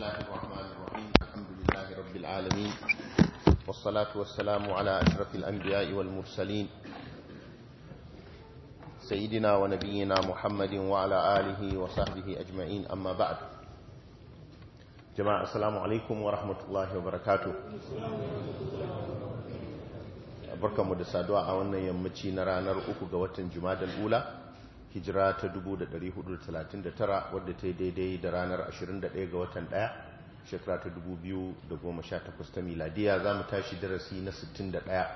الله الرحمن الرحيم الحمد لله رب العالمين والصلاة والسلام على أشرف الأنبياء والمرسلين سيدنا ونبينا محمد وعلى آله وصحبه أجمعين أما بعد جماعة السلام عليكم ورحمة الله وبركاته barkanmu da saduwa a wannan yammaci na ranar uku ga watan jumadal ula hijira ta 1439 wadda ta yi daidai da ranar 21 ga watan 1 shekara ta 2018 ta miladiya za mu tashi darasi na 61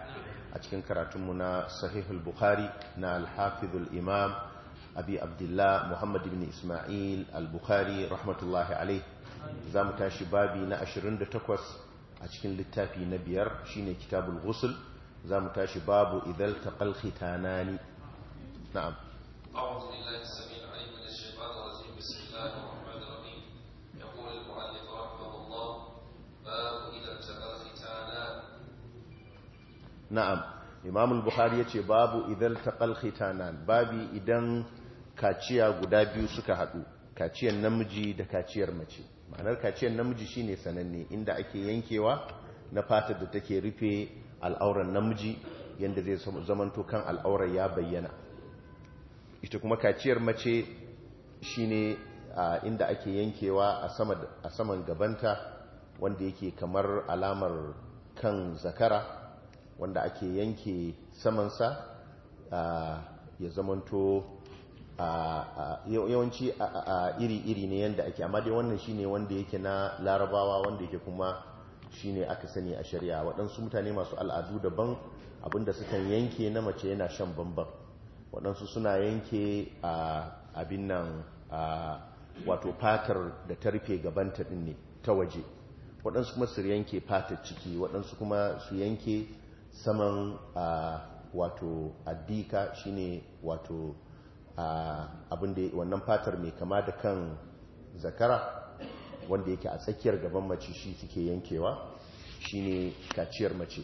a cikin karatunmu na sahihul bukhari na alhafizul imam abi abdullah muhammad ibn ismail al-bukhari rahmatullahi alaih za mu tashi babi na 28 a cikin littafi na biyar shine kitabul ghusl za mu tashi babu idal taqal khitanani na'am na'am imamul buhari ya ce الشيطان الرجيم بسم bukhari babu idan taqal khitanan babi idan kaciya guda biyu suka haɗu kaciyar namiji da kaciyar mace ma'anar kaciyar namiji shine sananne inda ake yankewa na fatar da take rufe al'auran namiji yanda zai zamanto kan al'aurar ya bayyana ita kuma kaciyar mace shi ne inda ake yankewa a saman gabanta wanda yake kamar alamar kan zakara wanda ake yanke samansa ya zamanto yawanci iri-iri ne yadda ake amma dai wannan shi ne wanda yake na larabawa wanda yake kuma shi ne aka sani a shari'a waɗansu mutane masu al'adu daban abinda sukan yanke na mace yana shan bambam waɗansu suna yanke a abin nan wato fatar da ta rufe gabanta ɗin ne ta waje waɗansu kuma su yanke fatar ciki waɗansu kuma su yanke saman wato addika shine wato abin da wannan fatar mai kama da kan zakara wanda yake a tsakiyar gaban mace shi suke yankewa shine kaciyar mace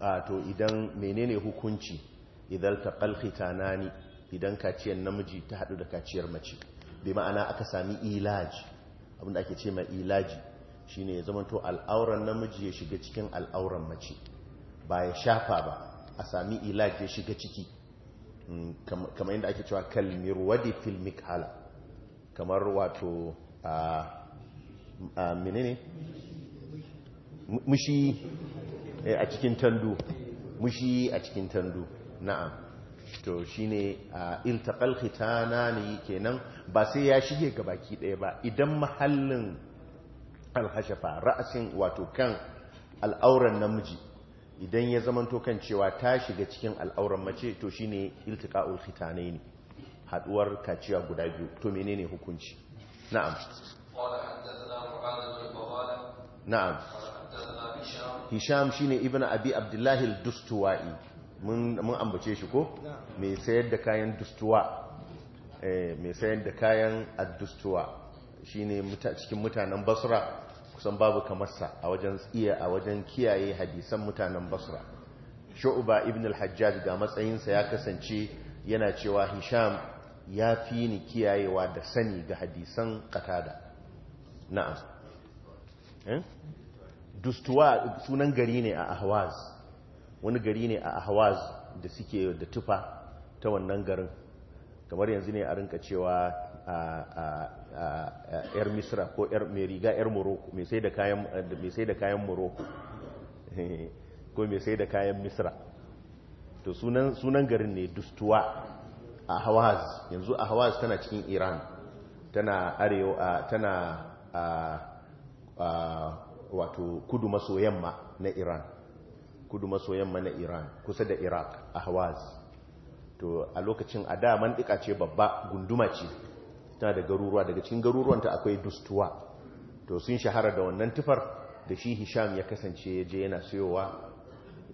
a to idan menene hukunci idan ta na ni, idan kaciyar namiji ta haɗu da kaciyar mace bai ma'ana aka sami ilaji abinda ake ce mai ilaji shine ya zama to al'auran namiji ya shiga cikin al'auran mace ba ya shafa ba a sami ilaji ya shiga ciki hmm, kamar yadda ake cewa kalmir wadi fil mikhala kamar wato a menene mushi eh, a cikin tandu mushi a cikin tandu na'am to shine iltaqal khitanani kenan ba sai ya shige gabaki daya ba idan mahallin alhashafa ra'asin wato kan al'auran namiji idan ya zamanto kan cewa ta shiga cikin al'auran mace to shine iltiqaul ne haduwar kaciya guda biyu to menene hukunci na'am na'am hisham shine ibnu abi abdullahi al-dustuwai mun ambace shi ko mai sayar da kayan dustuwa eh, mai sayar da kayan addustuwa shine cikin mutanen basra kusan babu kamarsa a wajen tsiya a wajen kiyaye hadisan mutanen basra shu'uba ibn al-hajjaj ga matsayinsa ya kasance yana cewa hisham ya fi ni kiyayewa da sani ga hadisan qatada na'am eh? dustuwa sunan gari ne a ahwaz wani gari ne a ahwaz da suke da tufa ta wannan garin kamar yanzu ne a rinka cewa a yar misra ko mai riga yar morocco mai sai da kayan morocco ko mai sai da kayan misra to sunan garin ne dustuwa a hawaz yanzu a hawaz tana cikin iran tana arewa tana wato kudu maso yamma na iran kudu maso yamma na iran kusa da iraq a hawaz to a lokacin a da mantika ce babba gunduma ce tana da garuruwa daga cikin garuruwanta akwai dustuwa to sun shahara da wannan tufar da shi hisham ya kasance ya je yana siyowa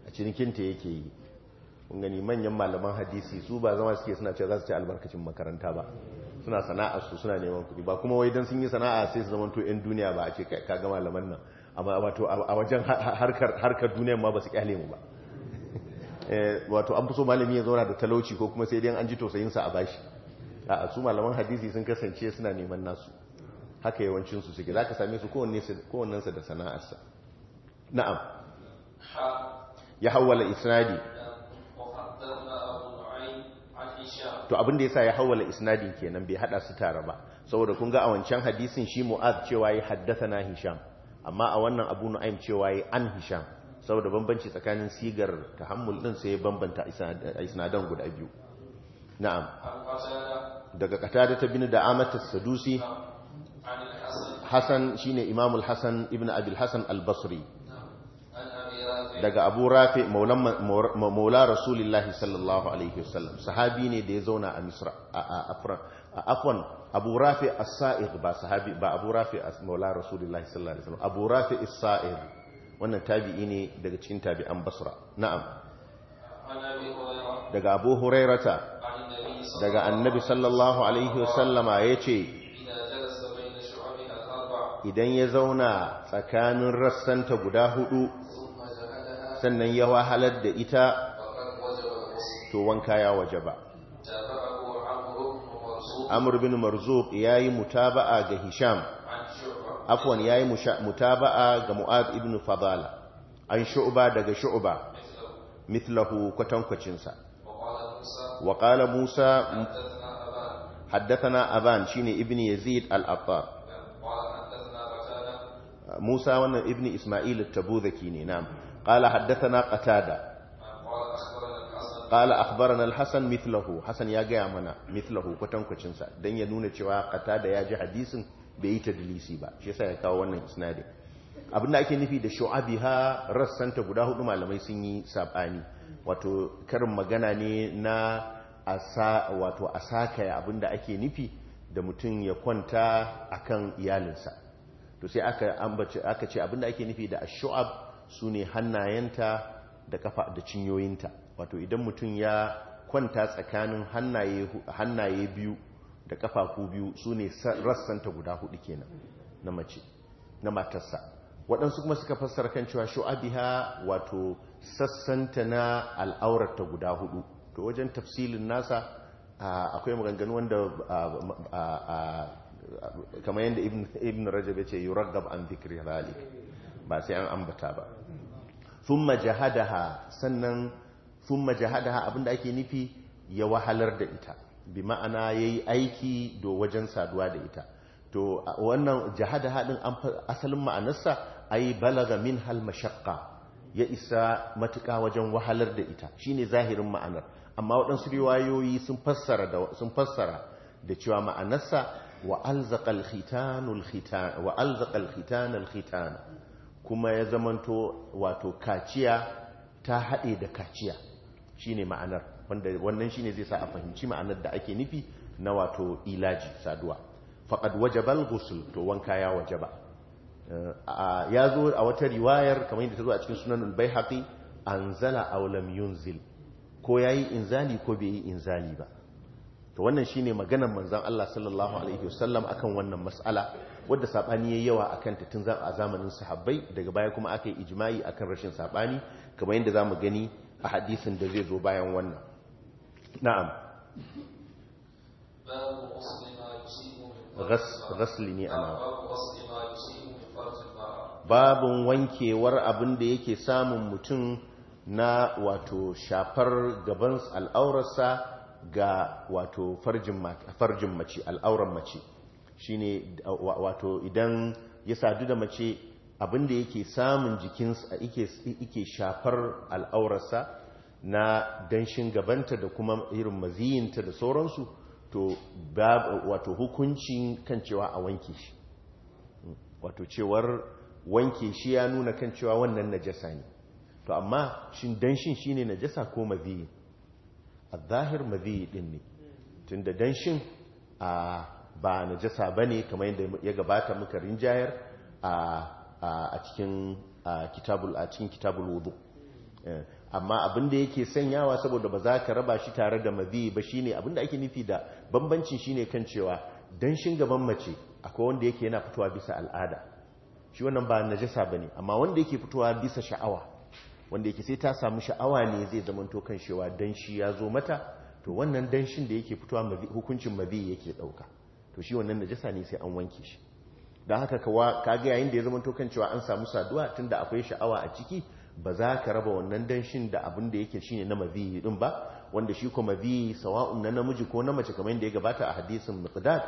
a cinikinta yake yi kun gani manyan malaman hadisi su ba zama suke suna cewa za su ci albarkacin makaranta ba suna sana'arsu suna neman kuɗi ba kuma wai dan sun yi sana'a sai su zamanto 'yan duniya ba a ce ka ga malaman nan a wajen harkar duniya ma ba su kyale mu ba eh, wato an fi so malami ya zauna da talauci ko kuma sai dai an ji tausayinsa a bashi a su malaman hadisi sun kasance suna neman nasu haka yawancinsu suke za ka same su kowannensa da sana'arsa na'am ya hawala isnadi to abinda ya sa ya hawala isnadin kenan bai hada su tare ba saboda kun ga a wancan hadisin shi mu'ad cewa ya haddasa na hisham amma a wannan abu na aim cewa yi an hisham saboda bambanci tsakanin sigar ta hamul ɗin sai ya bambanta isnadan guda biyu na'am daga da ta bini da amatar sadusi hasan shine imamul hassan ibn abil hassan al-basri daga abu rafi maula rasulillahi sallallahu alaihi wasallam sahabi ne da ya zauna a misra a afra Ah, afwan abu rafi as sair ba sahabi ba abu rafi maula rasulullahi sallallahu alaihi wasallam abu rafi as sair wannan tabi'i ne daga cikin tabi'an basra na'am daga abu hurairata daga annabi sallallahu alaihi wasallama yace idan ya zauna tsakanin rassanta guda hudu sannan ya wahalar da ita to wanka ya wajaba amr bin marzuq yayi mutaba'a ga hisham afwan yayi mutaba'a ga mu'ad ibn fadala an shu'ba daga shu'ba mithlahu kwatankwacin sa wa qala musa haddathana aban shine ibn yazid al-attar musa wannan ibn isma'il at-tabuzaki ne na'am qala haddathana qatada qala akhbarana Hassan hasan mithlahu ya gaya mana mithlahu kwatankwacin sa dan ya nuna cewa da ya ji hadisin bai yi ta tadlisi ba shi sa ya kawo wannan isnadi da ake nufi da shu'abiha rassanta guda hudu malamai sun yi sabani wato karin magana ne na asa wato abin da ake nufi da mutum ya kwanta akan iyalinsa to sai aka ambace aka ce abinda ake nufi da ash-shu'ab sune hannayenta da kafa da cinyoyinta wato idan mutum ya kwanta tsakanin hannaye biyu da kafafu biyu su ne rassanta guda hudu kenan na mace na matarsa waɗansu kuma suka fassara kan cewa shu'abiha wato sassanta na al'aurarta guda hudu to wajen tafsilin nasa akwai maganganu wanda kamar yadda ibn rajab ya ce yuraggab an zikri zalik ba sai an ambata ba thumma jahadaha sannan thumma jahadaha abinda ake nufi ya wahalar da ita bi ma'ana yayi aiki do wajen saduwa da ita to wannan jahadaha din asalin ma'anarsa ai balaga min hal mashaqqa ya isa matuƙa wajen wahalar da ita shine zahirin ma'anar amma waɗansu riwayoyi sun fassara da sun fassara da cewa ma'anarsa wa alzaqal khitanul khitan wa alzaqal khitanul khitana kuma ya zamanto wato kaciya ta haɗe da kaciya shine ma'anar wanda wannan shine zai sa a fahimci ma'anar da ake nufi na wato ilaji saduwa faqad bal ghusl to wanka ya wajaba eh, ya zo a wata riwayar kamar yadda ta zo a cikin sunanul baihaqi anzala aw lam yunzil ko yayi inzali ko bai yi inzali ba to wannan shine maganar manzon Allah sallallahu alaihi wasallam akan wannan mas'ala wadda sabani yayi yawa akan ta tun a zamanin sahabbai daga baya kuma aka yi ijma'i akan rashin sabani kamar yadda zamu gani a hadisin da zai zo bayan wannan na'am ghasli ne ana babun wankewar abin da yake samun mutum na wato shafar gaban al'aurarsa ga wato farjin mace al'auran mace shine wato idan ya sadu da mace abinda yake samun jikinsa yake shafar al'aurarsa na danshin gabanta da kuma irin maziyinta da sauransu to wato hukuncin kan cewa a wanke shi wato cewar wanke shi ya nuna kan cewa wannan najasa ne to amma shin danshin shine najasa ko maziyi a zahir maziyi din ne tunda danshin a ba najasa bane kamar yadda ya gabata muka rinjayar a cikin kitabul a cikin kitabul wudu eh, amma abin da yake sanyawa saboda ba za ka raba shi tare da mazi ba shine abin da ake nufi da shi shine kan cewa danshin gaban mace akwai wanda yake yana fitowa bisa al'ada shi wannan ba najasa bane amma wanda yake fitowa bisa sha'awa wanda yake sai ta samu sha'awa ne zai zamanto kan cewa danshi ya zo mata to wannan danshin da yake fitowa hukuncin mazi yake ɗauka. to shi wannan najasa ne sai an wanke shi don haka ka kawa kaga yayin da ya zama tokan cewa an samu saduwa tun da akwai sha'awa a ciki ba za ka raba wannan danshin da abin da yake shine na mazihi din ba wanda shi ko mazihi sawa'un na namiji ko na mace kamar yadda ya gabata a hadisin miqdad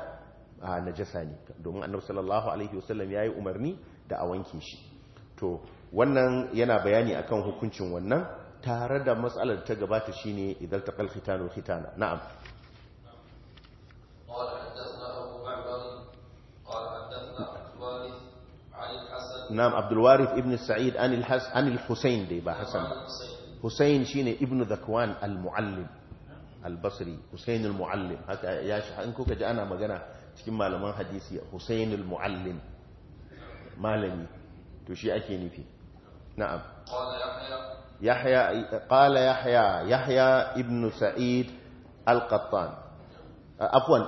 a najasa ne domin annabi sallallahu alaihi wasallam yayi umarni da a wanke shi to wannan yana bayani akan hukuncin wannan tare da matsalar ta gabata shine idan taqal khitanu khitana na'am نعم عبد الوارث ابن سعيد عن الحس عن الحسين دي با حسن حسين شيني ابن ذكوان المعلم البصري حسين المعلم هكا يا شيخ انكو كجا انا مغنا cikin malaman hadisi حسين المعلم muallim تو شي اكي نفي نعم يحيى قال يحيى يحيى ابن سعيد القطان عفوا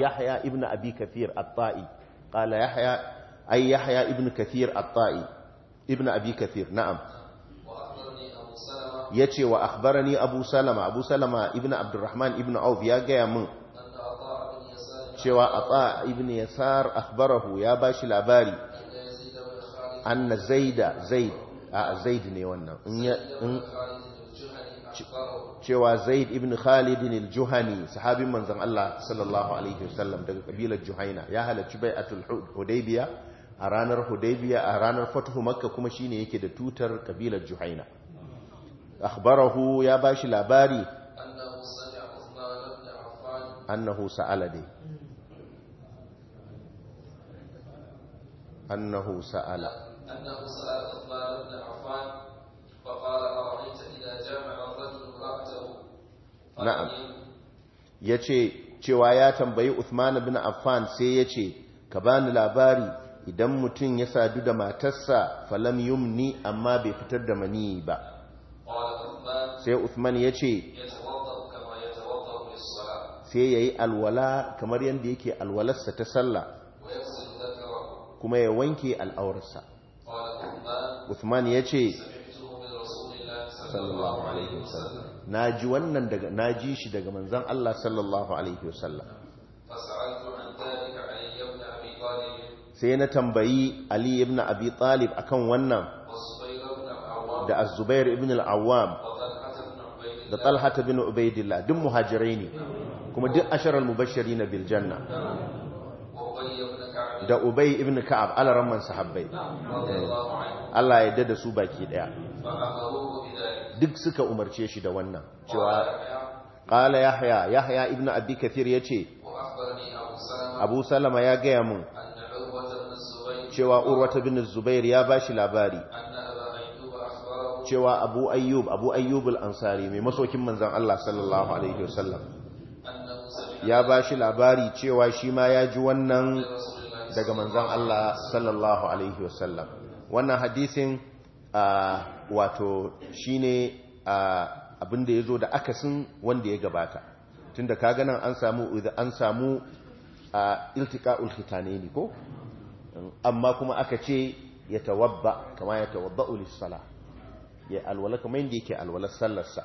يحيى ابن ابي كثير الطائي قال يحيى أي يحيى ابن كثير الطائي ابن أبي كثير نعم ya ce wa akhbarani abu salama ibn abdurrahman ibn auf ya gaya min cewa ata ibn yasar akhbarahu ya bashi labari anna zaida zaid a zaid ne wannan cewa zaid ibn khalid al-juhani sahabin manzon Allah sallallahu alaihi wasallam daga kabilar juhaina ya halarci bai'atul hudaybiya a ranar hudaybiya a ranar fatuhu makka kuma shine yake da tutar kabilar juhaina akhbarahu ya bashi labari annahu sa'ala dai annahu sa'ala annahu sa'ala Uthman ibn Affan fa qala ara'aita idha jama'a rajul imra'atahu na'am yace cewa ya tambayi Uthman ibn Affan sai yace ka bani labari idan mutum ya sadu da matarsa falam yumni amma bai fitar da mani ba sai Uthman ya ce sai ya yi alwala kamar yadda yake alwalarsa ta sallah kuma ya wanke al'aurarsa Uthman ya ce sallallahu alaihi wasallam na ji wannan daga na ji shi daga manzon Allah sallallahu alaihi wasallam sai na tambayi ali ibn abi talib akan wannan da az-zubair ibn al-awwam da talha ibn ubaidillah duk muhajirai ne kuma duk asharal mubashirin bil janna da ubay ibn ka'ab alaran man sahabbai Allah ya yarda da su baki daya duk suka umarce shi da wannan cewa qala yahya yahya ibn abi kathir yace abu salama ya gaya mun cewa urwata bin zubair ya bashi labari cewa abu ayyub abu ayyub ansari mai masokin manzan Allah sallallahu alaihi wasallam ya bashi labari cewa shi ma ya ji wannan daga manzan Allah sallallahu alaihi wasallam wannan hadisin wato shi ne abinda ya zo da akasin wanda ya gabata tunda da nan an samu an samu ne ne ko amma kuma aka ce ya tawabba kama ya tawabba ulisala ya alwala kama da yake alwala sallarsa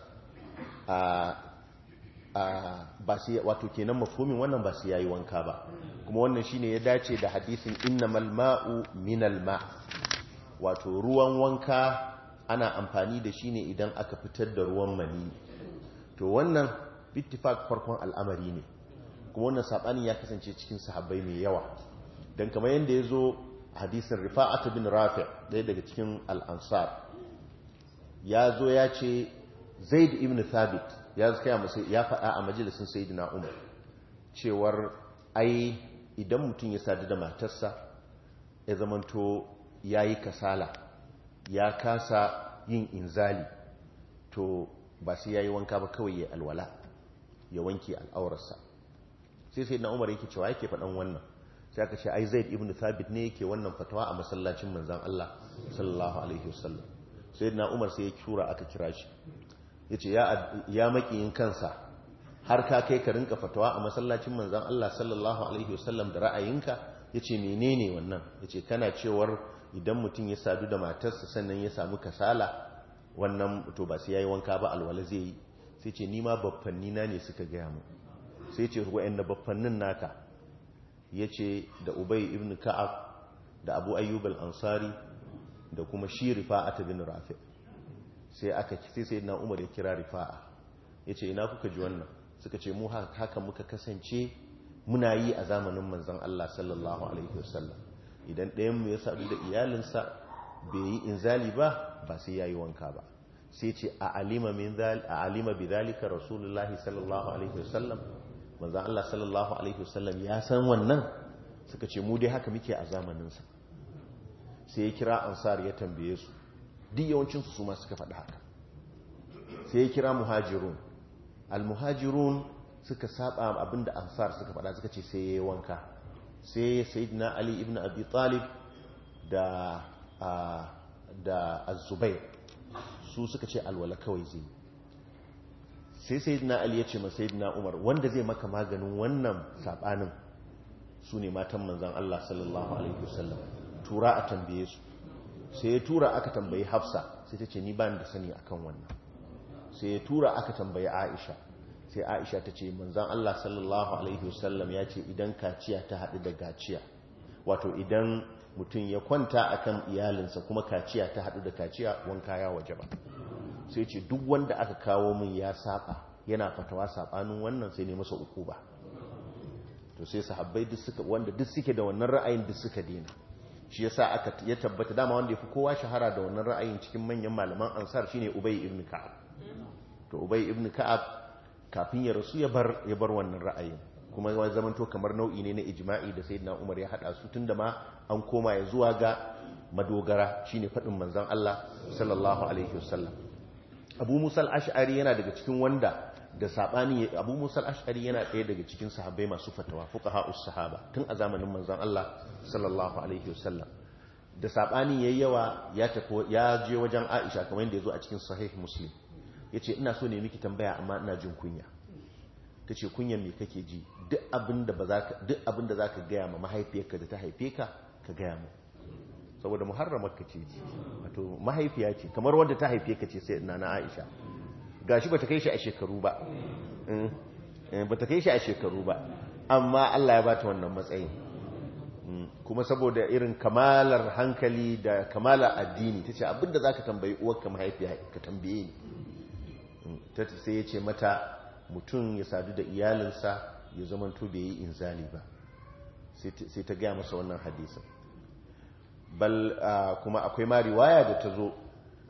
ba su wato kenan makomin wannan ba su yayi wanka ba kuma wannan shine ya dace da hadisin inna malma'u minal ma wato ruwan wanka ana amfani da shi ne idan aka fitar da ruwan mani to wannan bittifak farkon al'amari ne kuma wannan saɓanin ya kasance cikin sahabbai mai yawa dan kamar yadda ya zo hadisin rifa'at bin rafi ɗaya daga cikin al'ansar ya zo ya ce zaid ibn thabit ya ya faɗa a majalisin sayyidina umar cewar ai idan mutum ya sadu da matarsa ya zamanto ya yi kasala ya kasa yin inzali to ba sai ya yi wanka ba kawai ya alwala ya wanke al'aurarsa sai sai na umar yake cewa yake faɗan wannan sai aka ce ai zaid ibn thabit ne yake wannan fatawa a masallacin manzon Allah sallallahu alaihi wasallam na umar sai ya kura aka kira shi yace ya ya makiyin kansa har ka kai ka rinka fatawa a masallacin manzon Allah sallallahu alaihi wasallam da ra'ayinka yace menene wannan yace kana cewar idan mutum ya sadu da matarsa sannan ya samu kasala wannan to ba sai yayi wanka ba alwala zai yi sai ce ni ma baffannina ne suka gaya mu sai ce wa'annan baffannin naka ya ce da ubai ibn ka'ab da abu ayyub al-ansari da kuma shi rifa'a ta bin rafi sai aka sai sai na umar ya kira rifa'a ya ce ina kuka ji wannan suka ce mu haka muka kasance muna yi a zamanin manzan Allah sallallahu alaihi wasallam idan ɗayanmu ya sadu da iyalinsa bai yi inzali ba ba sai ya yi wanka ba sai ce a alima bi zalika rasulullahi sallallahu alaihi wasallam manzan Allah sallallahu alaihi wasallam ya san wannan suka ce mu dai haka muke a zamaninsa sai ya kira ansar ya tambaye su duk yawancinsu su ma suka faɗi haka sai ya kira muhajirun al-muhajirun suka saba abinda ansar suka faɗa suka ce sai ya yi wanka sai sayyidina ali ibn abi talib da ah, da az-zubair su suka ce alwala kawai zai sai sayyidina ali ya ce ma sayyidina umar wanda zai maka maganin wannan saɓanin su ne matan manzon Allah sallallahu alaihi wasallam tura a tambaye su sai ya tura aka tambayi hafsa sai ta ce ni bani da sani akan wannan sai ya tura aka tambayi aisha sai aisha ta ce manzan Allah sallallahu alaihi wasallam ya ce idan kaciya ta haɗu da gaciya wato idan mutum ya kwanta akan iyalinsa kuma kaciya ta haɗu da kaciya wanka ya waje ba sai ce duk wanda aka kawo min ya saba yana fatawa sabanin wannan sai ne masa uku ba to sai sahabbai duk suka wanda duk suke da wannan ra'ayin duk suka dena shi yasa aka ya tabbata dama wanda yafi kowa shahara da wannan ra'ayin cikin manyan malaman ansar shine ubay ibn ka'ab to ubay ibn ka'ab kafin ya rasu ya bar ya bar wannan ra'ayin kuma ya to kamar nau'i ne na ijma'i da sayyidina umar ya hada su tunda ma an koma ya zuwa ga madogara shine fadin manzon Allah sallallahu alaihi wasallam abu musal ash'ari yana daga cikin wanda da sabani abu musal ash'ari yana ɗaya daga cikin sahabbai masu fatawa fuqaha us-sahaba tun a zamanin manzon Allah sallallahu alaihi wasallam da sabani yayi yawa ya tafi ya je wajen Aisha kamar yadda yazo a cikin sahih muslim yace ina so ne miki tambaya amma ina jin kunya tace kunyan me kake ji duk abin da za ka duk abinda zaka ga ma mahaifiyarka da ta haife ka ka ga ya mu saboda muharramar ka ce wato mahaifiya ce kamar wanda ta haife ka ce sai nana Aisha gashi bata kai shi a shekaru ba mm, eh, bata kai shi a shekaru ba amma Allah ya bata wannan matsayin mm, kuma saboda irin kamalar hankali da kamalar addini tace abinda zaka tambayi uwarka mahaifiya ka tambaye ni mm, ta sai ya mata mutum ya sadu da iyalinsa ya zamanto bai yi inzali ba sai ta gaya masa wannan hadisin bal kuma akwai ma riwaya da ta zo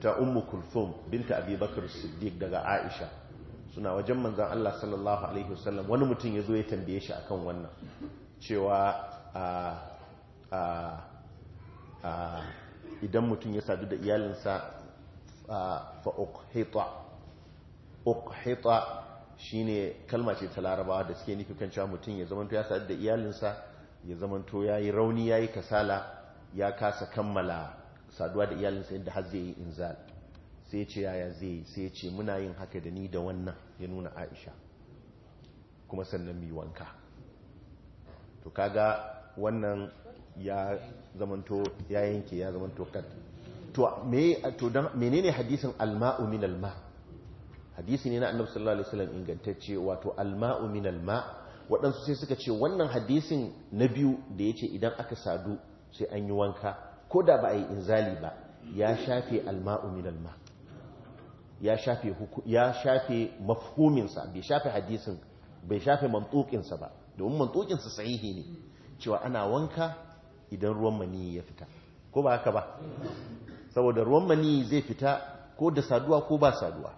ta ummu kulthum binta abubakar siddiq daga aisha suna wajen manzan Allah sallallahu alaihi wasallam wani mutum ya zo ya tambaye shi akan wannan cewa idan mutum ya sadu da iyalinsa fa ukhita shine kalma ce ta larabawa da suke nufi kan cewa mutum ya zamanto ya sadu da iyalinsa ya zamanto yayi rauni yayi kasala ya kasa kammala saduwa da iyalinsa yadda har zai yi inzal sai ce yaya zai yi sai ce muna yin haka da ni da wannan ya nuna aisha kuma sannan mai wanka to kaga wannan ya zamanto ya yanke ya zamanto kad to me to dan menene hadisin alma'u min alma hadisi ne na annabi sallallahu alaihi wasallam ingantacce wato alma'u min alma waɗansu sai suka ce wannan hadisin na biyu da yace idan aka sadu sai an yi wanka ko da ba a yi inzali ba ya shafe alma'u min ya shafe ya shafe mafhuminsa bai shafe hadisin bai shafe mantukinsa ba domin mantukinsa sahihi ne cewa ana wanka idan ruwan mani ya fita ko ba haka ba saboda ruwan mani zai fita ko da saduwa ko ba saduwa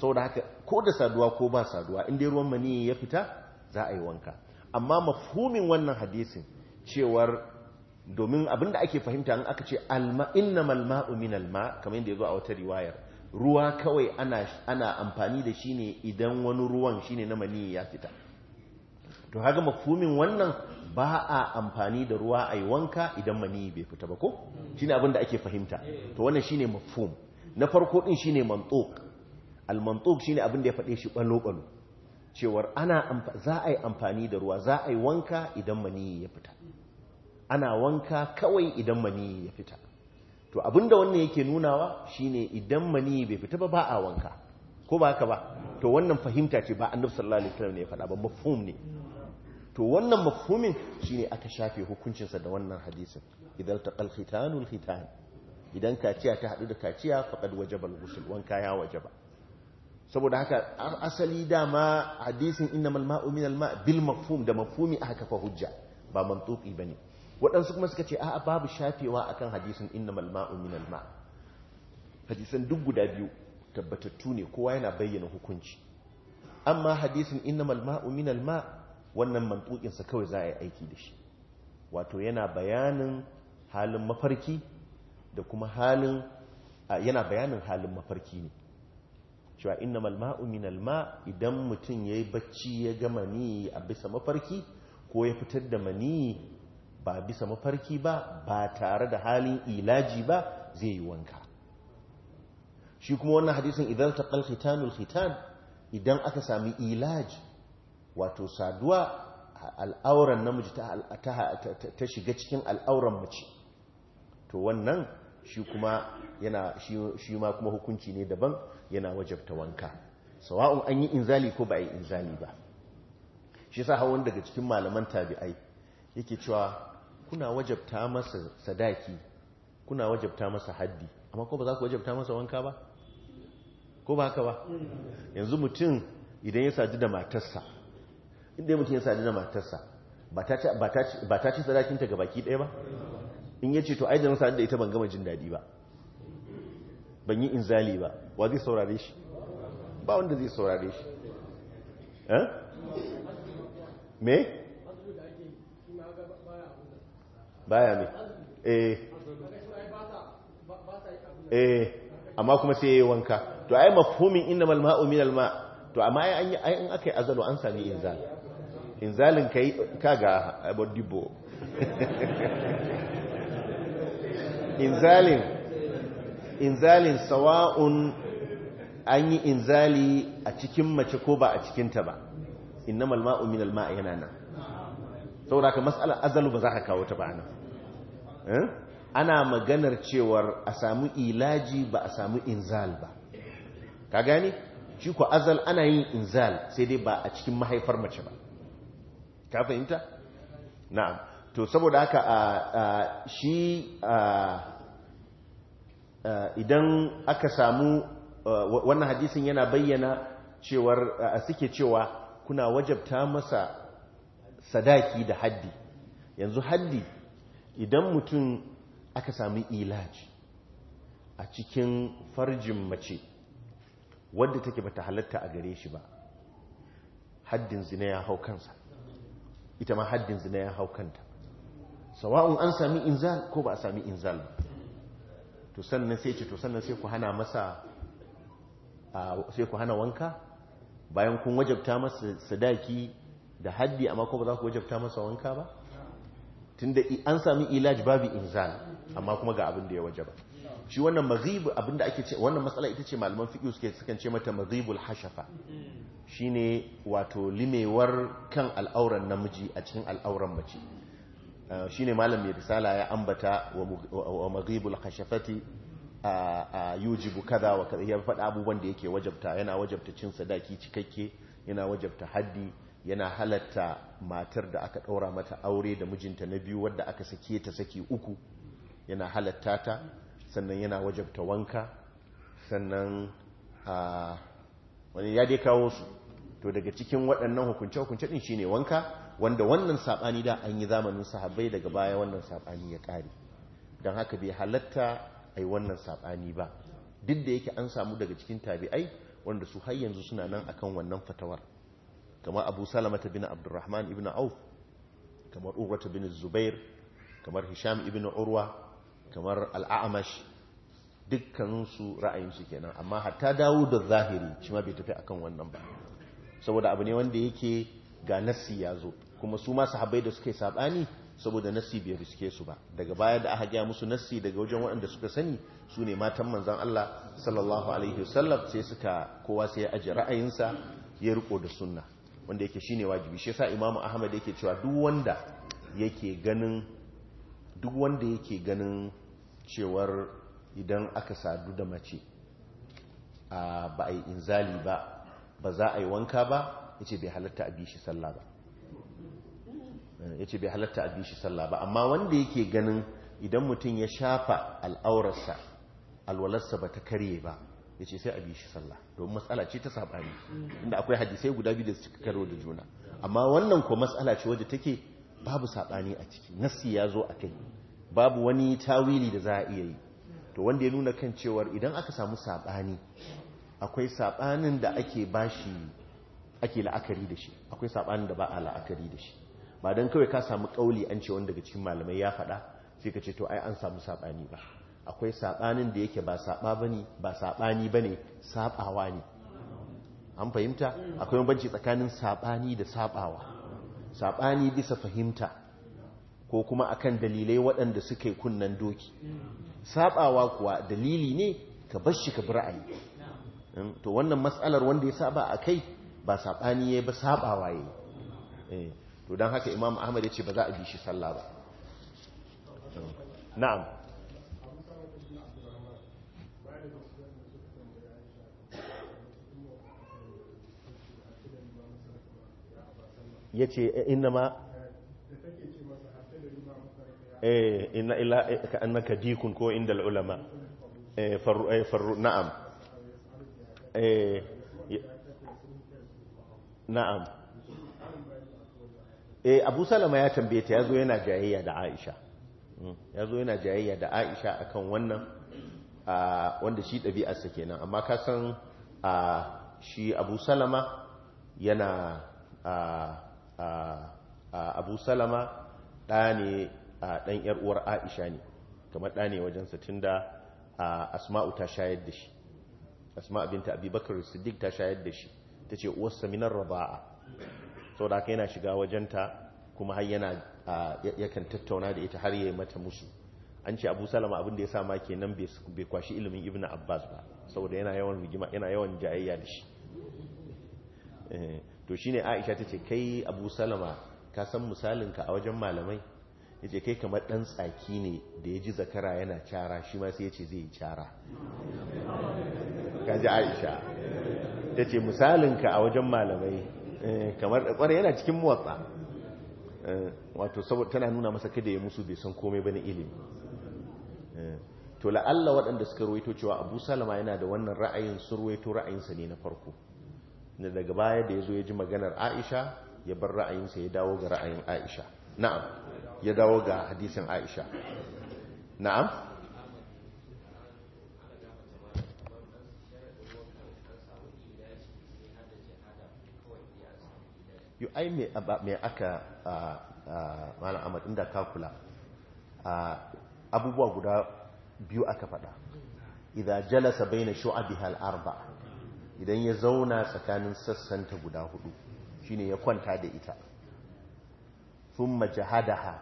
saboda haka ko da saduwa ko ba saduwa inda ruwan mani ya fita za a yi wanka amma mafhumin wannan hadisin cewar domin abinda ake fahimta in aka ce inna malma umin alma. kamar yadda ya zo a wata riwayar ruwa kawai ana amfani da shi ne idan wani ruwan shi ne na mani ya fita to haka mafumin wannan ba a amfani da ruwa a yi wanka idan mani bai fita ba ko shi ne abin ake fahimta to wannan shi ne mafum na farko din shi ne mantok almantok shi ne abin ya faɗe shi ɓalo-ɓalo cewar ana za a yi amfani da ruwa za a yi wanka idan mani ya fita ana wanka kawai idan mani ya fita to abinda wannan yake nunawa shine idan mani bai fita ba ba a wanka ko ba haka ba to wannan fahimta ce ba annabi sallallahu alaihi ne ya faɗa ba mafhum ne to wannan mafhumin shine aka shafe hukuncinsa da wannan hadisin idan taqal khitanul khitan idan kaciya ta hadu da kaciya faqad wajaba ghusl wanka ya wajaba saboda haka asali dama hadisin innamal ma'u minal ma' bil mafhum da mafhumi aka kafa hujja ba mantuqi bane waɗansu kuma suka ce a'a babu shafewa kan hadisin innamal ma'u minal ma hadisan duk guda biyu tabbatattu ne kowa yana bayyana hukunci amma hadisin inna ma'u minal ma wannan mantukin sa kawai za a yi aiki da shi wato yana bayanin halin mafarki da kuma halin yana bayanin halin mafarki ne cewa inna ma'u minal ma idan mutum yayi bacci ya gama ni a bisa mafarki ko ya fitar da mani ba bisa mafarki ba ba tare da halin ilaji ba zai yi wanka shi kuma wannan hadisin idan ta khitanul khitan idan aka sami ilaji wato saduwa al'auran namiji ta shiga cikin al'auran mace to wannan shi kuma yana shi ma kuma hukunci ne daban yana wajabta wanka sawa'un an yi inzali ko ba a yi inzali ba shi sa hawan daga cikin malaman tabi'ai yake cewa kuna wajabta masa sadaki kuna wajabta masa haddi amma ko ba za ku wajabta masa wanka ba ko ba haka ba yanzu mutum idan ya sadu da matarsa inda mutum ya sadu da matarsa ba ta ci sadakinta ga baki ɗaya ba in ya ce to ai da nasa da ita ban gama jin daɗi ba ban yi inzali ba wa zai saurare shi ba wanda zai saurare shi eh? me? baya ne eh eh amma kuma sai yayi wanka to ai mafhumin innamal ma'u minal ma to amma ai an ai in akai azalu an sami inzal inzalin kai kaga abodibo inzalin inzalin sawa'un an yi inzali a cikin mace ko ba a cikinta ba innamal ma'u minal ma yana nan saboda ka matsala azalu ba za ka kawo ta ba nan eh? ana maganar cewar a samu ilaji ba a samu inzal ba ka gani shi ko azal ana yin inzal sai dai ba a cikin mahaifar mace ba ka fahimta na'am to saboda haka a shi idan aka samu wannan hadisin yana bayyana cewar suke cewa kuna wajabta masa sadaki da haddi yanzu haddi idan mutum aka sami ilaji a cikin farjin mace wadda take bata halatta a gare shi ba haddin zina ya hau kansa ita ma haddin zina ya hau kanta sawa'un an sami inzal ko ba a sami inzal to sannan sai ce to sannan sai ku hana masa sai ku hana wanka bayan kun wajabta masa sadaki da haddi amma kuma za ku wajabta masa wanka ba tunda an sami ilaj babu inzal amma kuma ga abin da ya wajaba shi wannan mazibu abin da ake ce wannan matsala ita ce malaman fiƙi suke sukan ce mata maghibul hashafa ne wato limewar kan al'auran namiji a cikin al'auran mace uh, ne malam mai risala ya ambata wa maghibul hashafati yujibu kada wa kada ya faɗa abubuwan da yake wajabta yana wajabta cin sadaki cikakke yana wajabta haddi yana halatta matar da aka ɗaura mata aure da mijinta na biyu wadda aka sake ta sake uku yana halatta ta sannan yana wajabta wanka sannan a wani ya dai kawo su to daga cikin waɗannan hukunce-hukunce ɗin shine wanka wanda wannan saɓani da an yi zamanin sahabbai daga baya wannan saɓani ya ƙare don haka bai halatta a wannan saɓani ba duk da yake an samu daga cikin tabi'ai wanda su har yanzu suna nan akan wannan fatawar kamar abu salamata bin abdurrahman ibn auf kamar urwata bin zubair kamar hisham ibn urwa kamar al'amash dukkaninsu ra'ayinsu kenan amma hatta dawo da zahiri shi ma bai tafi akan wannan ba saboda abu ne wanda yake ga nassi ya zo kuma su ma sahabbai da suka yi sabani saboda nassi bai riske su ba daga baya da aka gaya musu nassi daga wajen waɗanda suka sani su ne matan manzan Allah sallallahu alaihi wasallam sai suka kowa sai ya aje ra'ayinsa ya riko da sunna wanda yake shine wajibi shi yasa imamu ahmad yake cewa duk wanda yake ganin duk wanda yake ganin cewar idan aka sadu da mace a ba a yi inzali ba ba za a yi wanka ba Ya ce bai halatta a shi sallah ba Ya ce bai halatta a shi sallah ba amma wanda yake ganin idan mutum ya shafa al'aurarsa alwalarsa ba ta karye ba ya ce sai a shi sallah don matsala ce ta sabani inda akwai hadisai guda biyu da su karo da juna amma wannan ko matsala ce wadda take babu sabani a ciki nassi ya zo a kai babu wani tawili da za a iya yi to wanda ya nuna kan cewar idan aka samu sabani akwai sabanin da ake bashi ake la'akari da shi akwai sabanin da ba a la'akari da shi ba dan kawai ka samu kauli an ce wanda daga cikin malamai ya faɗa sai ka ce to ai an samu sabani ba akwai saɓanin da yake ba ba ne ba ba ne saɓawa ne an fahimta akwai banci tsakanin saɓani da saɓawa. Saɓani bisa fahimta ko kuma akan dalilai waɗanda suke kunnan doki Saɓawa kuwa dalili ne ka bar shi ka bi ra'ayi hmm? to wannan matsalar wanda ya saɓa a kai ba saɓani ya ba sabawa yayi eh, to don haka imam ahmad ya ce ba za a bi shi sallah ba hmm. na'am ya ce eh, inna ma eh, inna ila eh, ka dikun ko inda al’ulama faru na'am na'am abu salama ya tambaye ta yazo yana jayayya da aisha hmm, yazo yana jayayya da aisha akan wannan wanda shi ɗabi'arsa kenan amma kasan shi abu salama yana abu salama ne ɗan yar uwar aisha ne kamar ɗa ne wajensa tunda asma'u ta shayar da shi asma'u binta abubakar siddiq ta shayar da shi ta ce uwarsa minar raba'a sau da aka yana shiga wajenta kuma har yana yakan tattauna da ita har yi mata musu an ce abu salama abin da ya sa ma kenan bai kwashi ilimin ibn abbas ba saboda yana yawan jayayya da shi eh. to shi ne Aisha ta ce, kai Abu Salama ka san misalinka a wajen malamai ce kai kamar ɗan tsaki ne da ya ji zakara yana cara shi ma sai yace zai yi cara Ka ji Aisha ta ce, 'Misalinka a wajen malamai eh, kamar kware yana cikin muwatsa eh, wato saboda tana nuna masa kada ya musu bai san komai bane ilimi eh, to la'alla waɗanda suka ruwaito cewa Abu Salama yana da wannan ra'ayin sun ruwaito ra'ayinsa ne na farko daga baya da ya zo ya ji maganar aisha ya bar ra'ayinsa ya dawo ga ra'ayin aisha na'am ya dawo ga hadisin aisha na'am yi ai mai aka malam inda ka kula abubuwa guda biyu aka faɗa idan jalasa bai na shu'abi arba'a idan ya zauna tsakanin sassanta guda hudu shine ya kwanta da ita thumma jahadaha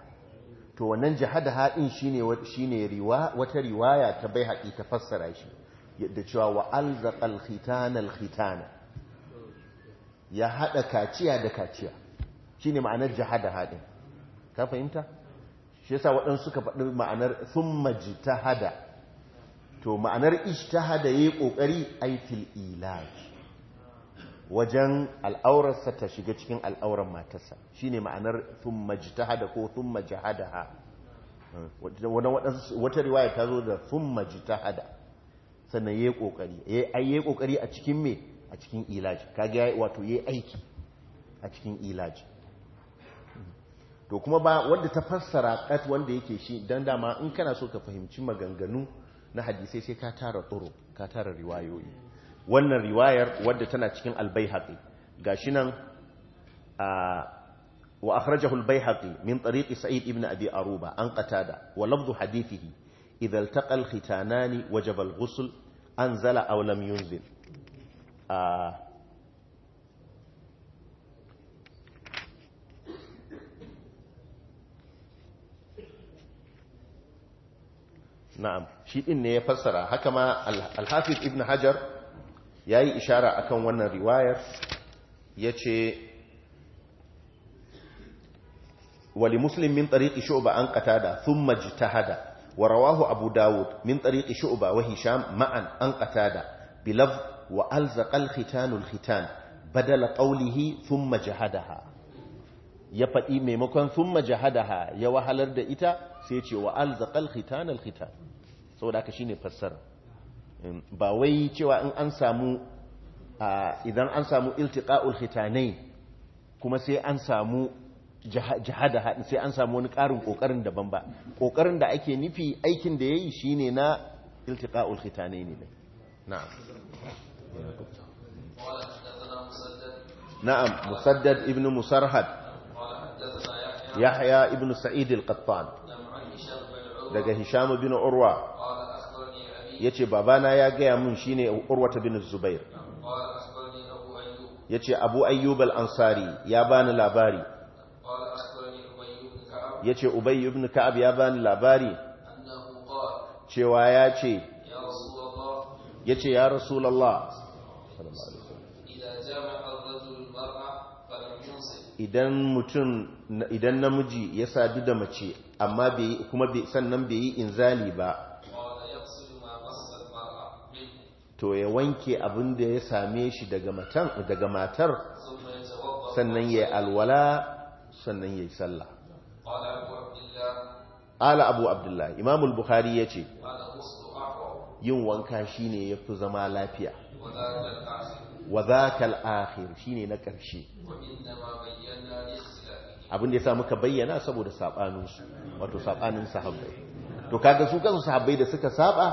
to wannan jihada haɗin shine shine wata riwaya ta bai haƙi ta fassara shi Yadda cewa wa alzaqal khitana al khitana ya haɗa kaciya da kaciya Shi ne ma'anar jihada haɗin, ka fahimta shi yasa waɗansu suka faɗi ma'anar sun ta hada? to ma'anar da ya yi kokari aitil ilaj wajen al'aurarsa ta shiga cikin al'auran matarsa shine ma'anar thumma da ko thumma ha hmm. wata riwaya ta zo da thumma da sannan yi kokari ya yi kokari a cikin me a cikin ilaj kage wato 'Ya aiki a cikin ilaj hmm. to kuma ba wanda ta fassara ƙat wanda yake shi don dama in kana so ka fahimci maganganu na hadisai sai ka tara tsoro ka tara riwayoyi wannan riwayar wadda tana cikin ga shi nan wa akhrajahu albayhaqi min tariqi sa'id ibn abi aruba an qatada wa lafdhu hadithihi idha iltaqa alkhitanani wajaba alghusl anzala aw lam yunzil na'am shi din ne ya fassara haka ma al-hafiz ibn hajar yayi ishara akan wannan riwayar yace wali muslim min tariqi shu'ba an qatada thumma jitahada wa rawahu abu daud min tariqi shu'ba wa hisham ma'an an qatada bilaf wa alzaqa al-khitanul khitan badala qawlihi thumma jahadaha ya faɗi maimakon thumma jahadaha ya wahalar da ita sai ce wa alzaqal khitan al saboda haka shine fassara ba wai cewa in an samu idan an samu iltiqa'ul khitanai kuma sai an samu jihada haɗin sai an samu wani ƙarin ƙoƙarin daban ba ƙoƙarin da ake nufi aikin da ya yi na iltiƙa'ul khitanai ne ne na'am na'am musaddad ibn musarhad yahya Ibnu sa'id al daga Hishamu bin urwa ya ce babana ya gaya mun shi shine urwata bin zubair Ya ce abu ayyubal ansari ya bani labari Ya ce Ubayyu ibn ka'ab ya bani labari cewa ya ce ya ce ya rasulullah idan mutum idan namiji ya sadu da mace amma bai kuma sannan bai yi inzali ba to ya wanke abin da ya same shi daga matar sannan ya alwala sannan ya yi sallah ala abu abdullahi imamul bukhari ya ce yin wanka shi ne ya fi zama lafiya wa za ka shi ne na ƙarshe abin da ya sa muka bayyana saboda saɓaninsu wato saɓanin sahabbai to kaga su kansu sahabbai da suka saba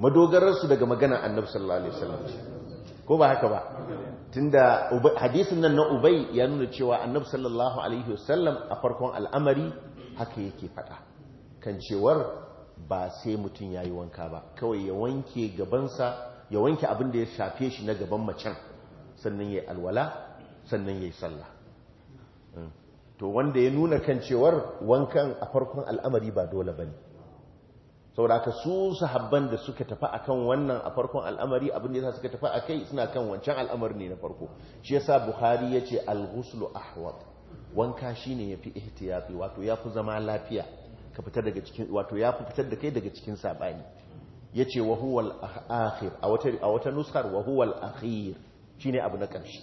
madogararsu daga maganar annabi sallallahu alaihi wasallam ko ba haka ba tunda hadisin nan na ubay ya nuna cewa annabi sallallahu alaihi wasallam a farkon al'amari haka yake faɗa kan cewar ba sai mutum yayi wanka ba kawai ya wanke gabansa ya wanke abin da ya shafe shi na gaban macen sannan yayi alwala sannan yayi sallah hmm. to wanda ya nuna kan cewar wankan a farkon al'amari ba dole ba ne sau da ka su sahabban da suka tafi kan wannan a farkon al'amari abin da sa suka tafi kai suna kan wancan al'amari ne na farko shi Buhari ya yace alhuslu a ahwat wanka ya fi ihtiyafi wato fi zama lafiya ka fitar daga cikin wato fi fitar da kai daga cikin sabani yace wa huwa akhir a wata a wata nuskar wa shine abu na ƙarshe,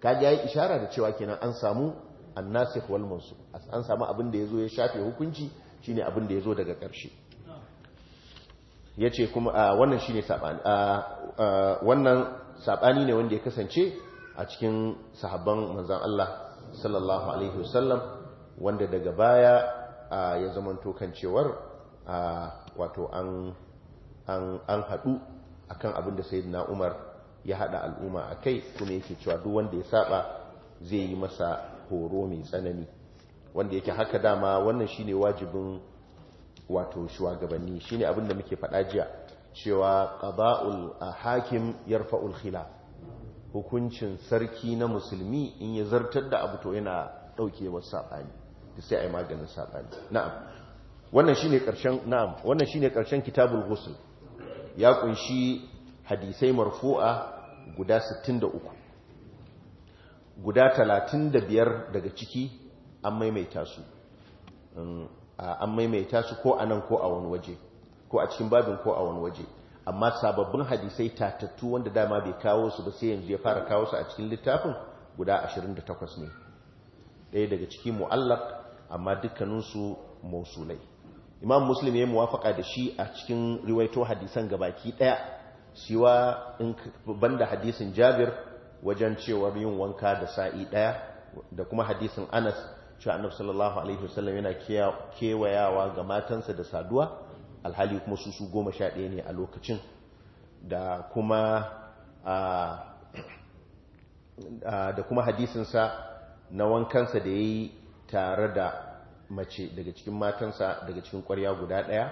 kaga yayi ishara da cewa kenan an samu annasikh wal mansukh an samu abin da yazo ya shafe hukunci shine abin da yazo daga karshe yace kuma wannan shine sabani wannan sabani ne wanda ya kasance a cikin sahabban manzon Allah sallallahu alaihi wasallam wanda daga baya ya zamanto kan cewar wato an an an hadu akan abin da sayyidina Umar ya hada al'umma akai kuma yake cewa duk wanda ya saba zai yi masa horo mai tsanani wanda yake haka dama wannan shine wajibin wato shugabanni shine abin da muke faɗa jiya cewa qada'ul hakim yarfa'ul khilaf hukuncin sarki na musulmi in ya zartar da abu to yana wasu sabani da sai ai maganin sabani na'am wannan shine karshen na'am wannan shine karshen kitabul ghusl ya kunshi hadisai marfu'a guda 63 guda talatin da biyar daga ciki an maimaita su um, an maimaita su ko a nan ko a wani waje ko a cikin babin ko a wani waje amma sababbin hadisai tatattu wanda dama bai kawo su ba sai yanzu ya fara kawo su a cikin littafin guda 28 ne ɗaya daga ciki mu'allak amma dukkaninsu mausulai imam muslim ya muwafaka da shi a cikin riwaito hadisan gabaki ɗaya siwa in banda hadisin jabir wajen cewa yin wanka da sa'i ɗaya da kuma hadisin anas cewa annab sallallahu alaihi wasallam yana kewayawa ga matansa da saduwa alhali kuma su su goma sha ɗaya ne a lokacin da kuma da kuma hadisinsa na wankansa da ya yi tare da mace daga cikin matansa daga cikin ƙwarya guda ɗaya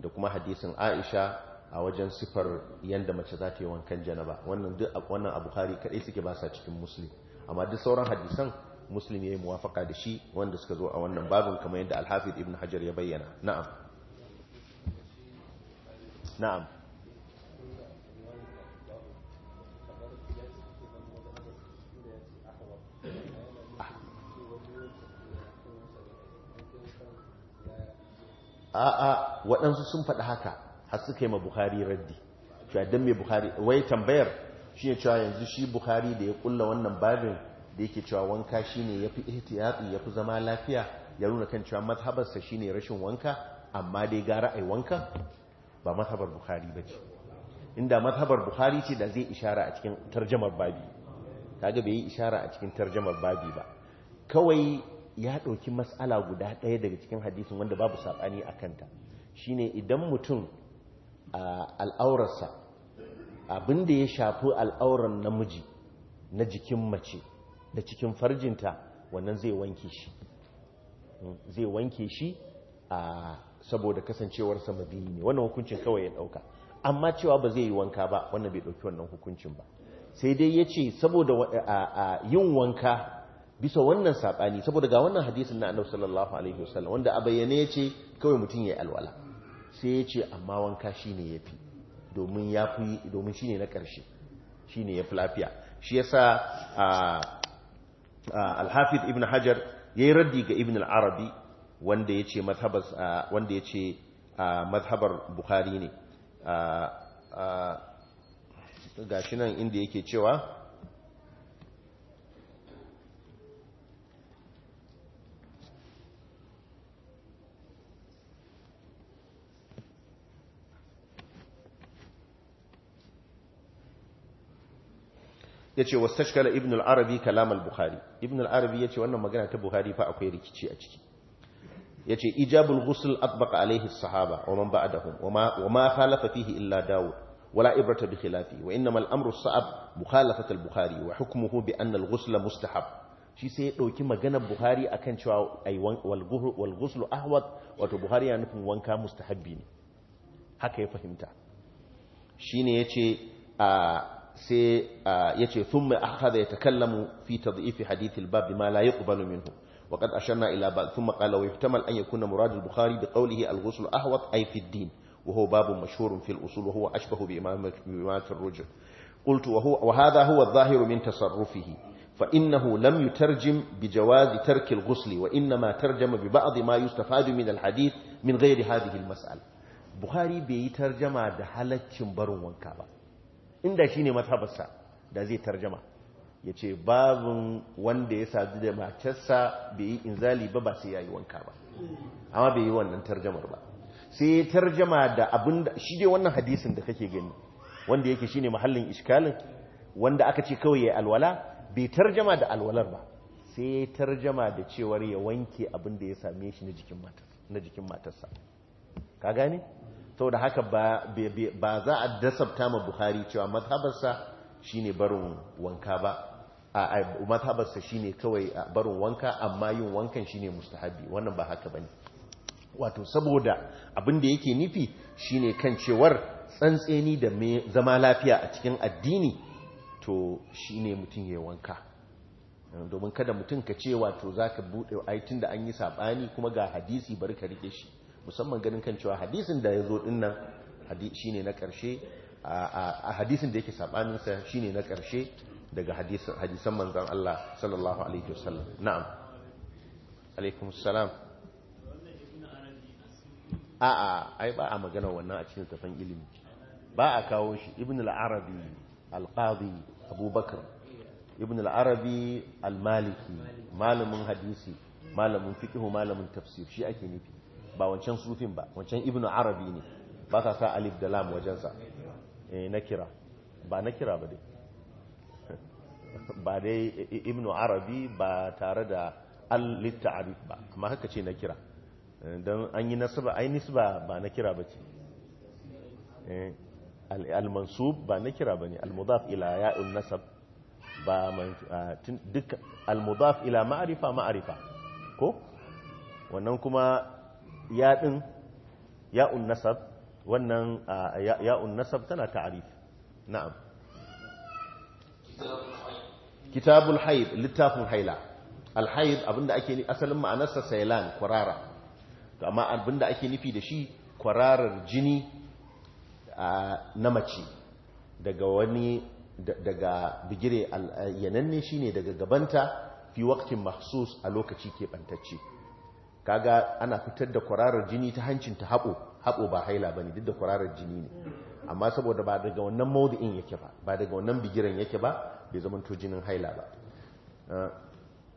da kuma hadisin aisha a wajen sifar yadda mace za ta yi wankan janaba wannan duk wannan a kari kadai suke ba sa cikin musulmi amma duk sauran hadisan musulmi ya yi muwafaka da shi wanda suka zo a wannan babin kamar yadda alhafid ibn hajar ya bayyana na'am na'am a'a waɗansu sun faɗi haka har suka yi ma bukhari raddi cewa dan mai bukhari wai tambayar shi shine cewa yanzu shi bukhari da ya kulla wannan babin da yake cewa wanka shi ne shine yafi ihtiyati fi zama lafiya ya nuna kan cewa mazhabarsa ne rashin wanka amma dai ga ra'ayi wanka ba mazhabar bukhari bace inda mazhabar bukhari ce da zai ishara a cikin tarjamar babi kaga bai yi ishara a cikin tarjamar babi ba kawai ya ɗauki matsala guda ɗaya daga cikin hadisin wanda babu saɓani a kanta shine idan mutum al'aurarsa abin da ya shafi al'aurar namiji na jikin mace da cikin farjinta wannan zai wanke shi hmm, zai wanke shi a saboda kasancewarsa mabiyi ne wannan hukuncin kawai ya dauka amma cewa ba zai yi wanka ba wannan bai dauki wannan hukuncin ba sai dai ya ce saboda yin wanka bisa wannan saɓani saboda ga wannan hadisin na annabi sallallahu alaihi wasallam wanda a bayyane ya ce kawai mutum ya yi alwala sai ya ce amma wanka shi ne ya fi domin ya fi domin shi ne na ƙarshe shi ne ya fi lafiya shi ya sa alhafiz ibn hajar ya yi raddi ga ibn al'arabi wanda ya ce mazhabar bukhari ne ga shi nan inda yake cewa ya ce wasu tashkala ibn al-arabi kalam bukhari ibn al-arabi ya ce wannan magana ta buhari fa akwai rikici a ciki ya ce ijabul ghusl atbaqa alaihi sahaba wa man ba'dahum wa ma khalafa fihi illa dawud wala ibrata bi khilafi wa innama al-amru sa'ab mukhalafat al-bukhari wa hukmuhu bi anna al-ghusl mustahab shi sai ya dauki maganar buhari akan cewa ai wal ghusl ahwad wato buhari ya nufin wanka mustahabbi ne haka ya fahimta shine yace a سي آه، ثم أخذ يتكلم في تضعيف حديث الباب بما لا يقبل منه وقد أشرنا إلى باب ثم قال ويحتمل أن يكون مراد البخاري بقوله الغسل أهوط أي في الدين وهو باب مشهور في الأصول وهو أشبه بإمامة الرجل قلت وهو وهذا هو الظاهر من تصرفه فإنه لم يترجم بجواز ترك الغسل وإنما ترجم ببعض ما يستفاد من الحديث من غير هذه المسألة بخاري بيترجم على حالة شمبر وانكابا inda shi ne matabarsa da zai tarjama ya ce babin wanda ya sadu da matarsa bai yi inzali ba ba sai ya yi wanka ba amma bai yi wannan tarjamar ba sai ya tarjama da abin da shi dai wannan hadisin da kake gani wanda yake ne mahallin iskalin wanda aka ce kawai ya yi alwala bai tarjama da alwalar ba sai ya tarjama da cewar ya wanke abin da ya same shi na jikin matarsa ka gane da haka ba za a dasabta ma buhari cewa shi ne barin wanka ba a shi ne kawai barin wanka amma yin wankan shi ne mustahabi wannan ba haka ba ne. wato saboda abin da yake nufi shi ne kan cewar tsantseni da zama lafiya a cikin addini to shi ne mutum ya wanka domin kada mutum ka ce wato za ka buɗe aitin da an yi saɓani kuma ga hadisi bari ka rike shi musamman ganin kan cewa hadisin da ya zo dinnan shi ne na ƙarshe a hadisin da yake saɓaninsa shi ne na ƙarshe daga hadisan manzan Allah sallallahu alaihi wasallam na'am alaikum salam a'a ai ba a magana wannan a cikin tafan ilimi ba a kawo shi ibn al-arabi al-qadi abubakar ibn al-arabi al-maliki malamin hadisi malamin fiqh malamin tafsir shi ake nufi ba wancan sufin ba wancan ibnu arabi ne ba sa sa alif da lam wajensa eh na kira ba na kira ba dai ba dai ibnu arabi ba tare da al litta'arif ba amma haka ce na kira eh, don an yi nasaba ai nisba ba na kira bace ce eh, al-mansub ba na kira bane ne al-mudaf ila ya'un nasab ba duk al-mudaf ila ma'arifa ma'arifa ko wannan kuma ya din ya'un nasab wannan ya'un nasab tana ta'rif na'am kitabul haid littafin haila alhaid abinda ake ni asalin ma'anarsa sailan kwarara to amma abinda ake nufi da shi kwararar jini na mace daga wani daga bigire yananne shine daga gabanta fi waqtin mahsus a lokaci ke bantacce. kaga ana fitar da kwararar jini ta hancin ta haɓo haɓo ba haila ba ne duk da kwararar jini ne amma saboda ba daga wannan maudu'in yake ba ba daga wannan bigiran yake ba bai zama to jinin haila ba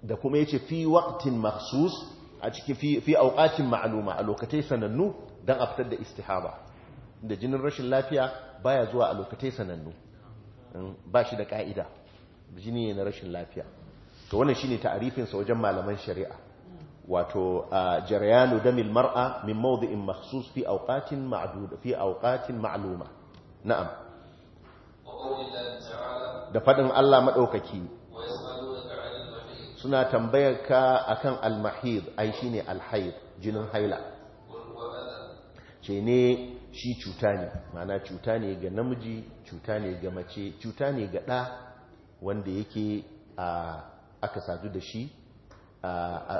da kuma yace fi waqtin makhsus a ciki fi fi awqatin ma'luma a lokatai sanannu dan a fitar da istihaba da jinin rashin lafiya baya zuwa a lokatai sanannu ba shi da ka'ida jini ne na rashin lafiya to wannan shine ta'arifin sa wajen malaman shari'a wato jaryanu damil mar'a min mawdi'in makhsus fi awqatin ma'dud fi awqatin ma'luma na'am da faɗin Allah madaukaki suna tambayar ka akan al-mahid ai shine al-haid jinin haila ce ne shi cuta ne mana cuta ne ga namiji cuta ne ga mace cuta ne ga ɗa wanda yake a aka sadu da shi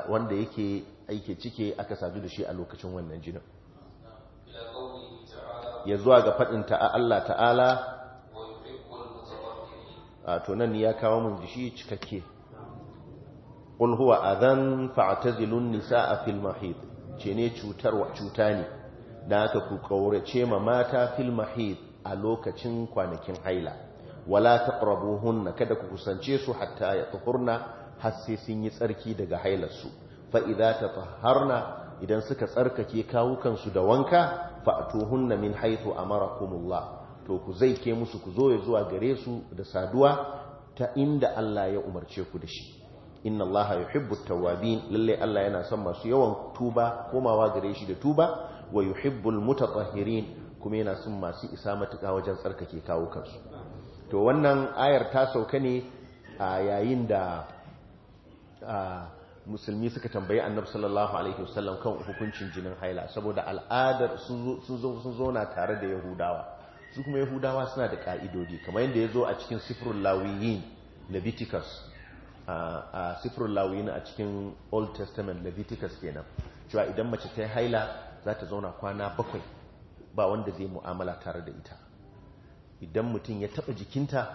wanda yake aike cike aka sadu da shi a lokacin wannan jinin ya zuwa ga faɗin ta'a Allah ta'ala a tunan ya kawo mun jishi cikakke ƙul huwa adhan fa'tazilun nisaa fil mahid ce ne cutarwa cuta ne da aka ku kaurace ma mata fil mahid a lokacin kwanakin haila wala hunna, kada ku kusance su hatta ya tuhurna har sai sun yi tsarki daga hailarsu fa ta faharna idan suka tsarkake kawukansu da wanka fa'atuhunna min mara amarakumullah to ku zai ke musu ku zo ya zuwa gare su da saduwa ta inda Allah ya umarce ku da shi inna allaha yuhibbu tawwabin lalle Allah yana son masu yawan tuba komawa gare shi da tuba wa yuhibbul mutatahhirin kuma yana son masu isa matuka wajen tsarkake kawukansu to wannan ayar ta sauka ne a yayin da musulmi suka tambayi annabi sallallahu alaihi wasallam kan hukuncin jinin haila saboda al'adar sun zauna tare da yahudawa su kuma yahudawa suna da ka'idodi kamar yadda ya zo a cikin sifrul lawiyin leviticus a sifrul lawiyin a cikin old testament leviticus kenan cewa idan mace ta haila za ta zauna kwana bakwai ba wanda zai mu'amala tare da ita idan mutum ya taba jikinta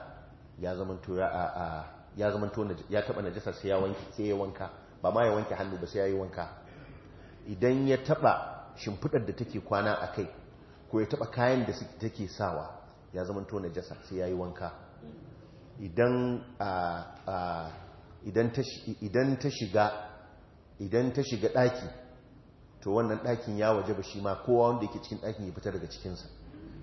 ya zama to ya a ya tona ya taba najasa sai ya wanke sai ya wanka ba ma ya wanke hannu ba sai ya yi wanka idan ya taba shimfidar da take kwana a kai ko ya taba kayan da take sawa ya zama tona najasa sai ya yi wanka idan ta shiga idan ta shiga daki to wannan dakin ya waje ba shi ma kowa wanda yake cikin dakin ya fita daga cikinsa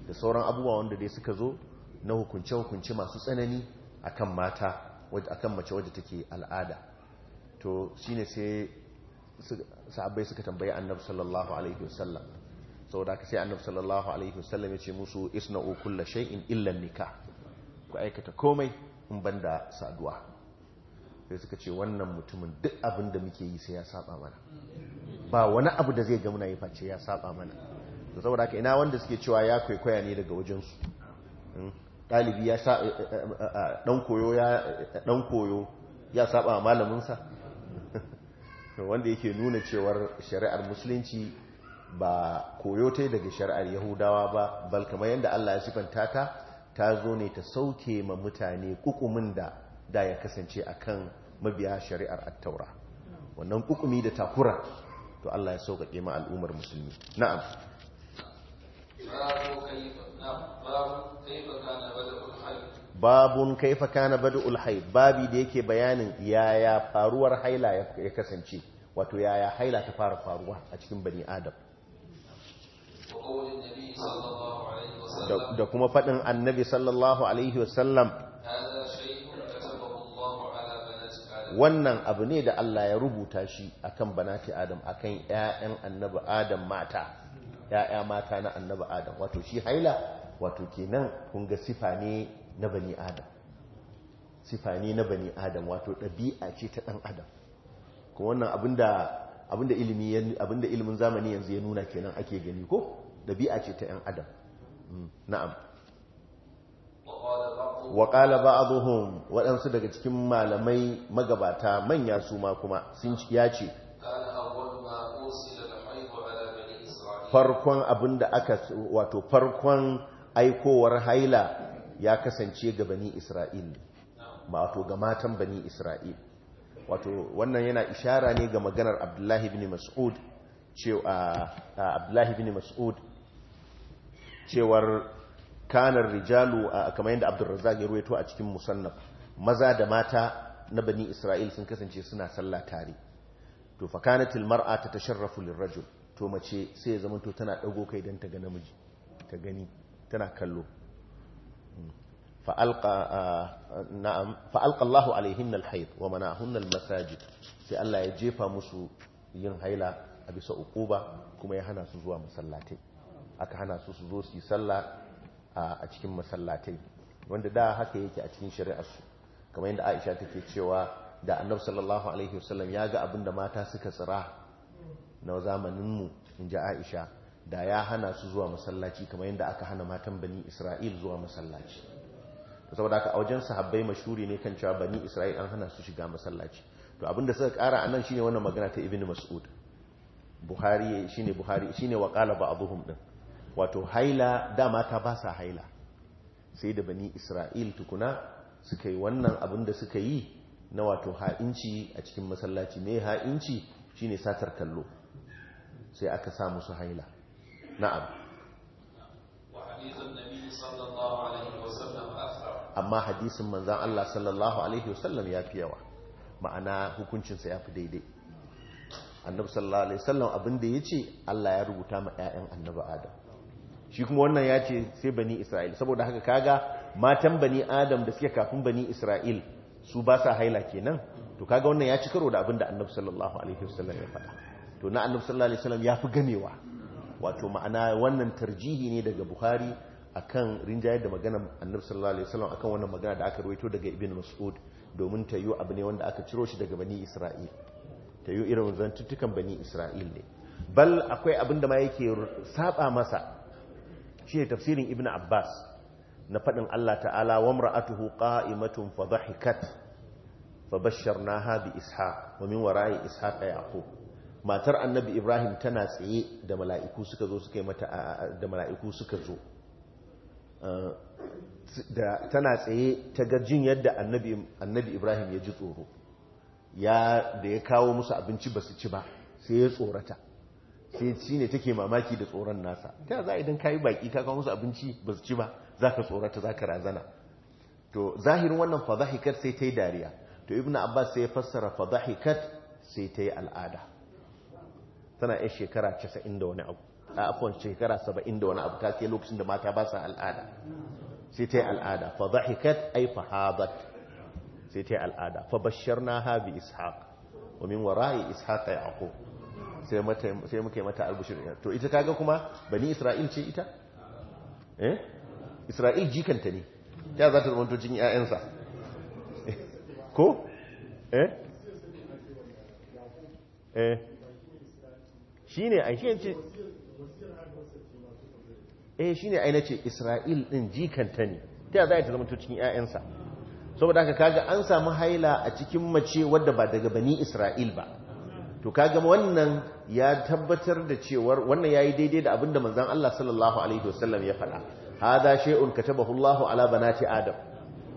da sauran abubuwa wanda dai suka zo na hukunce-hukunce masu tsanani akan mata kan mace wadda take al'ada to shine sai sahabbai suka tambayi annabu sallallahu alaihi wasallam da aka sai annabu sallallahu alaihi wasallam ya ce musu isna'u kullu shai'in illan nika. ku aikata komai in ban da saduwa sai suka ce wannan mutumin duk abin da muke yi sai ya saba mana ba wani abu da zai ga muna yi face ya saba mana saboda ka ina wanda suke cewa ya kwaikwaya ne daga wajensu hmm? ɗalibi ya sa eh, eh, eh, ɗan koyo ya ɗan koyo ya saba malaminsa wanda yake nuna cewar shari'ar musulunci ba koyo ta daga shari'ar yahudawa ba bal kamar yadda Allah ya sifanta ta ta zo ne ta sauke ma mutane kukumin da da ya kasance akan mabiya shari'ar attaura wannan kukumi da takura to Allah ya sauƙaƙe ma al'ummar musulmi na'am babun kaifa kana bada'ul haid babi da yake bayanin yaya faruwar haila ya kasance wato yaya haila ta fara faruwa a cikin bani adam da kuma faɗin annabi sallallahu alaihi wasallam wannan abu ne da Allah ya rubuta shi akan banati adam akan ƴaƴan annabi adam mata ya'ya mata na annaba adam wato shi haila wato kenan kun ga sifa ne na bani adam sifa na bani adam wato ɗabi'a ce ta ɗan adam kuma wannan abinda ilimin zamani yanzu ya nuna kenan ake gani ko ɗabi'a ce ta ɗan adam mm, na'am ba a zuhun waɗansu daga cikin malamai magabata manya su ma kuma sun ya ce farkon abin da aka wato farkon aikowar haila ya kasance ga bani isra'il wato ga matan bani isra'il wato wannan yana ishara ne ga maganar abdullahi bin mas'ud cewa abdullahi bin mas'ud cewar kanar rijalu kamar yadda abdurrazzaq ya ruwaito a cikin musannaf maza da mata na bani isra'il sun kasance suna sallah tare to fa kanatil ta tasharrafu lirrajul to mace sai ya zama zamanto tana ɗago kai don ta ga namiji ta gani tana kallo fa'alƙa alaihin alhaid wa mana hunnal masajid sai Allah ya jefa musu yin haila a bisa ukuba kuma ya hana su zuwa masallatai aka hana su su zo su yi sallah a cikin masallatai wanda da haka yake a cikin shari'arsu kamar yadda Aisha take cewa da Annabi sallallahu alaihi wasallam ya ga abin da mata suka tsira na zamaninmu in ji aisha da ya hana su zuwa masallaci kamar yadda aka hana matan bani isra'il zuwa masallaci saboda aka aujen wajen sahabbai mashuri ne kan cewa bani isra'il an hana su shiga masallaci to abin da suka kara anan shine wannan magana ta ibnu mas'ud buhari shine buhari shine wa qala ba'dhum din wato haila dama ta ba sa haila sai da bani isra'il tukuna suka yi wannan abin da suka yi na wato ha'inci a cikin masallaci ne ha'inci shine satar kallo sai aka sa musu haila na'am amma hadisin manzan Allah sallallahu alaihi wasallam ya fi yawa ma'ana hukuncinsa ya fi daidai annabi sallallahu alaihi wasallam abinda ya ce Allah ya rubuta ma 'ya'yan annabi adam shi kuma wannan ya ce sai bani isra'il saboda haka kaga matan bani adam da suke kafin bani isra'il su ba sa haila kenan to kaga wannan ya ci karo da abinda annabi sallallahu alaihi wasallam ya faɗa to na annabi sallallahu alaihi wasallam ya fi gamewa wato ma'ana wannan tarjihi ne daga buhari akan rinjayar da magana annabi sallallahu alaihi wasallam akan wannan magana da aka rawaito daga ibn mas'ud domin tayyo abu ne wanda aka ciro shi daga bani isra'il tayyo irin zantuttukan bani isra'il ne bal akwai abin da ma yake saba masa shi ne tafsirin ibn abbas na faɗin allah ta'ala wa mar'atuhu qa'imatun fa dhahikat fa basharnaha bi ishaq wa min wara'i ishaq yaqub matar annabi ibrahim tana tsaye da mala'iku suka zo suka yi mata da mala'iku suka zo eh, tana tsaye ta gajin yadda annabi ibrahim ya ji tsoro da ya kawo musu abinci ba su ci ba sai ya tsorata sai ci ne take mamaki da tsoron nasa ta za idan ka yi baki ka kawo musu abinci ba su ci ba za ka tsorata za ka razana to zahirin wannan fadahikar sai ta yi dariya to ibn abbas sai ya fassara fadahikar sai ta yi al'ada tana yan shekara 90 da wani abu a afon shekara 70 da wani abu ta ke lokacin da mata ba sa al'ada sai ta yi al'ada fa dhahikat fa fahadat sai ta yi al'ada fa na bi ishaq wa min ishaq ya ako sai muka yi mata albushir to ita kaga kuma bani isra'il ce ita eh isra'il jikanta ne ya za ta zama jin 'ya'yansa eh? ko eh eh shine ai shi ce eh shine ai nace Isra'il ɗin jikanta ne ta za ta zama to cikin ƴaƴansa saboda haka kaga an samu haila a cikin mace wadda ba daga bani Isra'il ba to kaga wannan ya tabbatar da cewar wannan yayi daidai da abinda manzon Allah sallallahu alaihi wasallam ya faɗa hada shay'un katabahu Allahu ala banati adam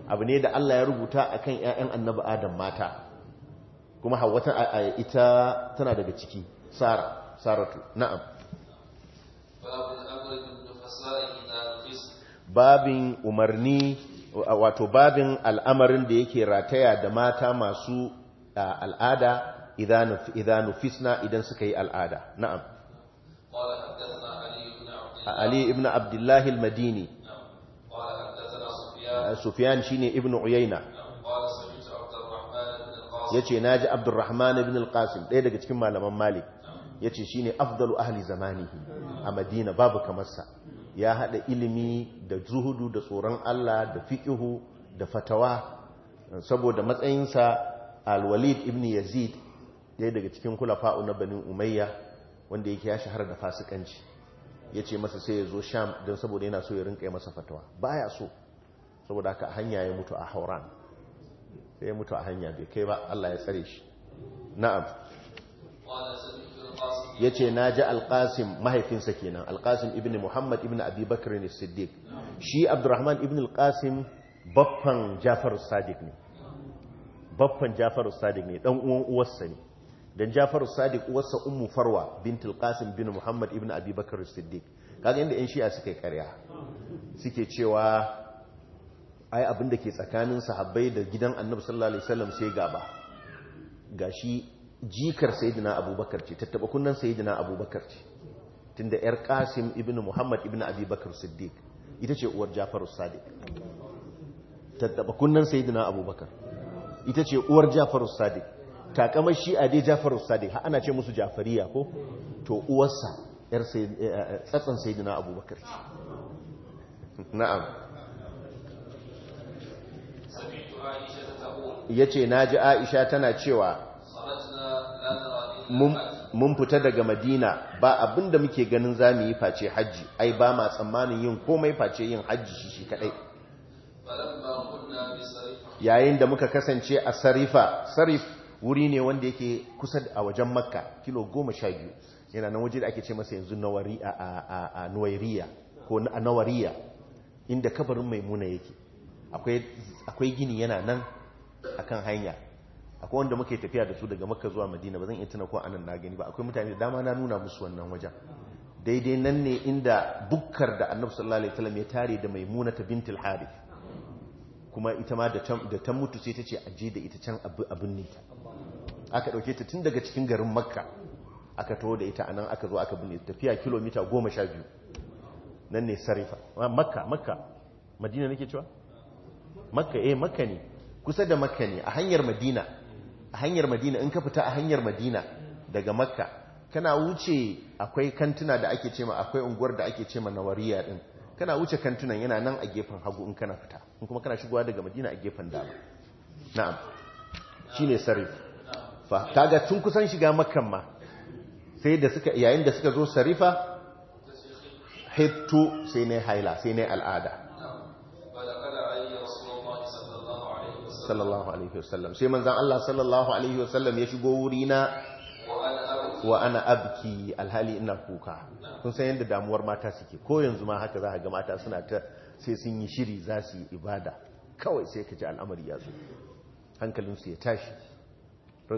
abu ne da Allah ya rubuta akan 'ya'yan annabi adam mata kuma hawwata ita tana daga ciki sara saratu na'am babin umarni wato babin al'amarin da yake rataya da mata masu al'ada idanu fisna idan suka yi al'ada na'am ali ibn abdullahi al-madini sufyan shine ibn uyayna yace naji abdurrahman ibn al-qasim ɗaya daga cikin malaman malik Ya ce shi ne afdalu ahli zamani a madina babu kamar sa ya haɗa ilimi da zuhudu da tsoron Allah da fiƙihu da fatawa saboda matsayinsa al-walid ibn yazid ɗaya daga cikin kulafa'u na banin umayya wanda yake ya shahara da fasikanci ya ce masa sai ya zo sham don saboda yana so ya rinka masa fatawa baya so saboda haka hanya ya mutu a hauran sai ya mutu a hanya bai kai ba Allah ya tsare shi na'am ya ce na ji alƙasim mahaifinsa kenan alƙasim ibn muhammad ibn abubakar ne siddiq shi abdurrahman ibn alƙasim baffan jafar sadiq ne baffan jafar sadiq ne dan uwan uwarsa ne dan jafar sadiq uwarsa ummu farwa bint alƙasim bin muhammad ibn abubakar siddiq kaga inda yan shi'a suke ƙarya karya suke cewa ai abin da ke tsakanin sahabbai da gidan annabi sallallahu alaihi wasallam sai gaba gashi jikar sayidina abubakar ce tattaba kunnan sayidina abubakar ce tunda yar kasim ibn muhammad ibn abi bakr siddiq ita ce uwar jafaru sadiq tattaba kunnan sayidina abubakar ita ce uwar jafaru sadiq takamar a dai jafaru sadiq ha ana ce musu jafariya ko to uwarsa yar eh, eh, eh, tsatsan sayidina abubakar ce na'am na ji aisha tana cewa mun fita daga madina ba abinda muke ganin za mu yi face hajji ai ba ma tsammanin yin komai face yin hajji shi shi kadai yayin da muka kasance a sarifa sarif wuri ne wanda yake kusa a wajen makka kilo goma sha biyu yana nan waje da ake ce masa yanzu a ko a nawariya inda kabarin maimuna yake akwai gini yana nan akan hanya akwai wanda muke tafiya da su daga makka zuwa madina ba zan iya tuna ko anan na gani ba akwai mutane da dama na nuna musu wannan wajen daidai nan ne inda bukkar da annabi sallallahu alaihi wasallam ya tare da ta bintul harith kuma ita ma da ta mutu sai ta ce aje da ita can abin ne aka dauke ta tun daga cikin garin makka aka taho da ita anan aka zo aka binne tafiya kilomita 12 nan ne sarifa makka makka madina nake cewa makka eh makka ne kusa da makka ne a hanyar madina hanyar madina in ka fita a hanyar madina daga makka kana wuce akwai kantuna da ake cema akwai unguwar da ake cema nawariya din kana wuce kantunan yana nan a gefen hagu in kana fita in kuma kana shigowa daga madina a gefen dama na'am shine sarif fa kaga tun kusan shiga makkan ma sai da suka yayin da suka zo sarifa hittu sai ne haila sai ne al'ada sallallahu alaihi wasallam sai manzan Allah sallallahu alaihi wasallam ya shigo wurina wa ana abki alhali ina kuka kun san yadda damuwar mata suke ko yanzu ma haka za a ga mata suna ta sai sun yi shiri za su yi ibada kawai sai ka ji al'amari ya zo su ya tashi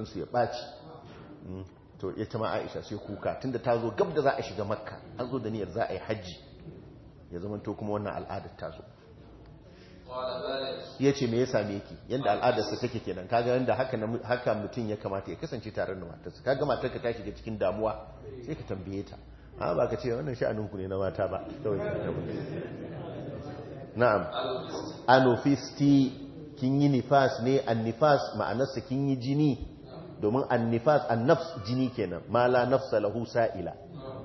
su ya ɓaci mm. to ita ma aisha sai kuka tunda ta zo gab da za a shiga makka an zo da niyyar za a yi hajji ya zama to kuma wannan al'adar ta zo ya ce me ya same ki yadda al'adarsa take kenan kaga yadda haka mutum ya kamata ya kasance tare da matarsa kaga matar ka ta ga cikin damuwa sai ka tambaye ta ha ah, ba ka ce wannan sha'anin ku ne na mata ba kawai ka tambaye na'am anofisti kin yi nifas ne nifas ma'anarsa kin yi jini domin an nafs jini kenan mala nafsa lahu sa'ila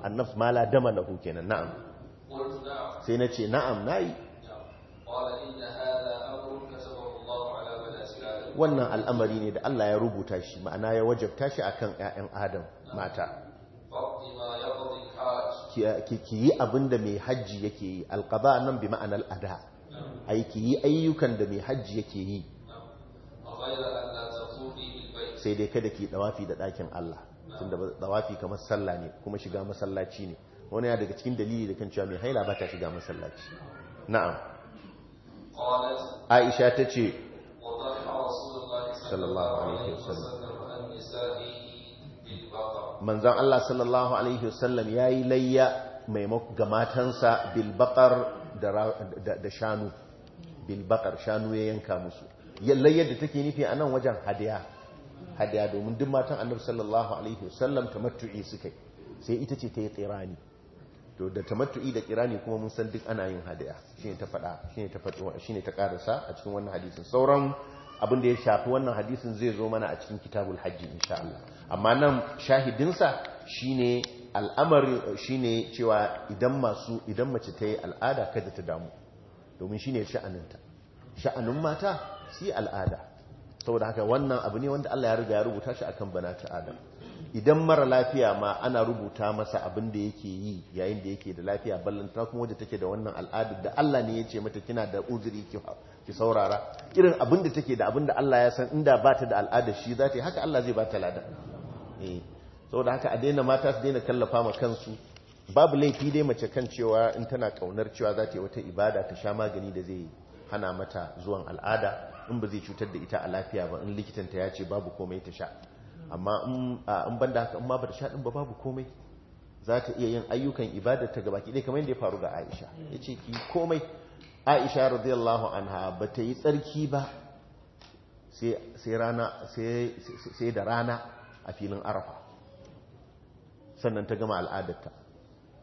an nafs mala dama lahu kenan na'am sai na ce na'am nayi wannan al'amari ne da Allah ya rubuta shi ma'ana ya wajabta shi a kan ƴaƴan Adam mata ki yi abin da mai hajji yake yi alqada nan bi ma'anar a yi ki yi ayyukan da mai hajji yake yi sai dai kada ki dawafi da ɗakin Allah tunda dawafi kamar sallah ne kuma shiga masallaci ne wani ya daga cikin dalili da kan cewa mai haila ba ta shiga masallaci na'am aisha ta ce sallallahu alaihi wasallam manzon Allah sallallahu alaihi wasallam yayi layya maimakon ga matansa bil baqar da shanu bil baqar shanu ya yanka musu layyar da take nufi anan wajen hadiya hadiya domin duk matan annabi sallallahu alaihi wasallam tamattu'i suka sai ita ce ta yi tsirani to da tamattu'i da kirani kuma mun san duk ana yin hadaya shine ta fada shine ta fadi shine ta karasa a cikin wannan hadisin sauran abin da ya shafi wannan hadisin zai zo mana a cikin kitabul hajji insha Allah amma nan shahidinsa shine al'amari shine cewa idan masu idan mace ta yi al'ada kada ta damu domin shine sha'aninta sha'anin mata su al'ada saboda haka wannan abu ne wanda Allah ya riga ya rubuta shi akan bana ta Adam idan mara lafiya ma ana rubuta masa abin da yake yi yayin da yake da lafiya ballanta kuma wadda take da wannan al'adar da Allah ne ya ce mata kina da uzuri ki saurara irin abin da take da abin da Allah ya san inda ba ta da al'ada shi za ta haka Allah zai ba ta lada eh, saboda haka a daina mata su daina tallafa ma kansu babu laifi dai mace kan cewa in tana kaunar cewa za ta yi wata ibada ta sha magani da zai hana mata zuwan al'ada in ba zai cutar da ita a lafiya ba in likitanta ya ce babu komai ta sha amma in ban da haka in ma ba ta sha din ba babu komai za ta iya yin ayyukan ibadar ta gabaki dai kamar yadda ya faru ga Aisha ya ce ki komai aisha radiyallahu anha ba ta yi tsarki ba sai da rana a filin arafa sannan ta gama al'adarta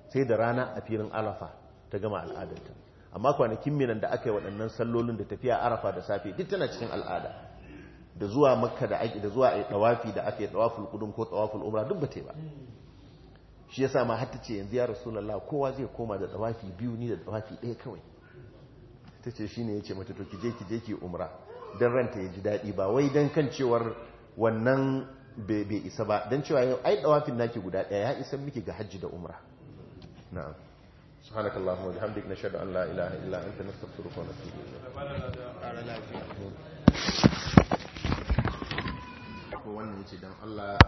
sai da rana a filin arafa ta gama al'adarta amma kwanakin minan da aka yi waɗannan sallolin da tafiya arafa da safe duk tana cikin al'ada da zuwa makka da ake da zuwa a ɗawafi da aka yi ɗawaful kudin ko ɗawaful umra duk ba ba shi yasa ma hatta ce yanzu ya rasu rasulullah kowa zai koma da ɗawafi biyu ni da ɗawafi ɗaya kawai ta ce shi ne ya ce ki to ki je ki umra don ranta ya ji daɗi ba wai don kan cewar wannan bai isa ba don cewa yau ai ɗawafin naki guda ɗaya ya isan miki ga hajji da umra na'am سبحانك اللهم وبحمدك نشهد ان لا اله الا انت نستغفرك ونتوب اليك ko wannan yace dan Allah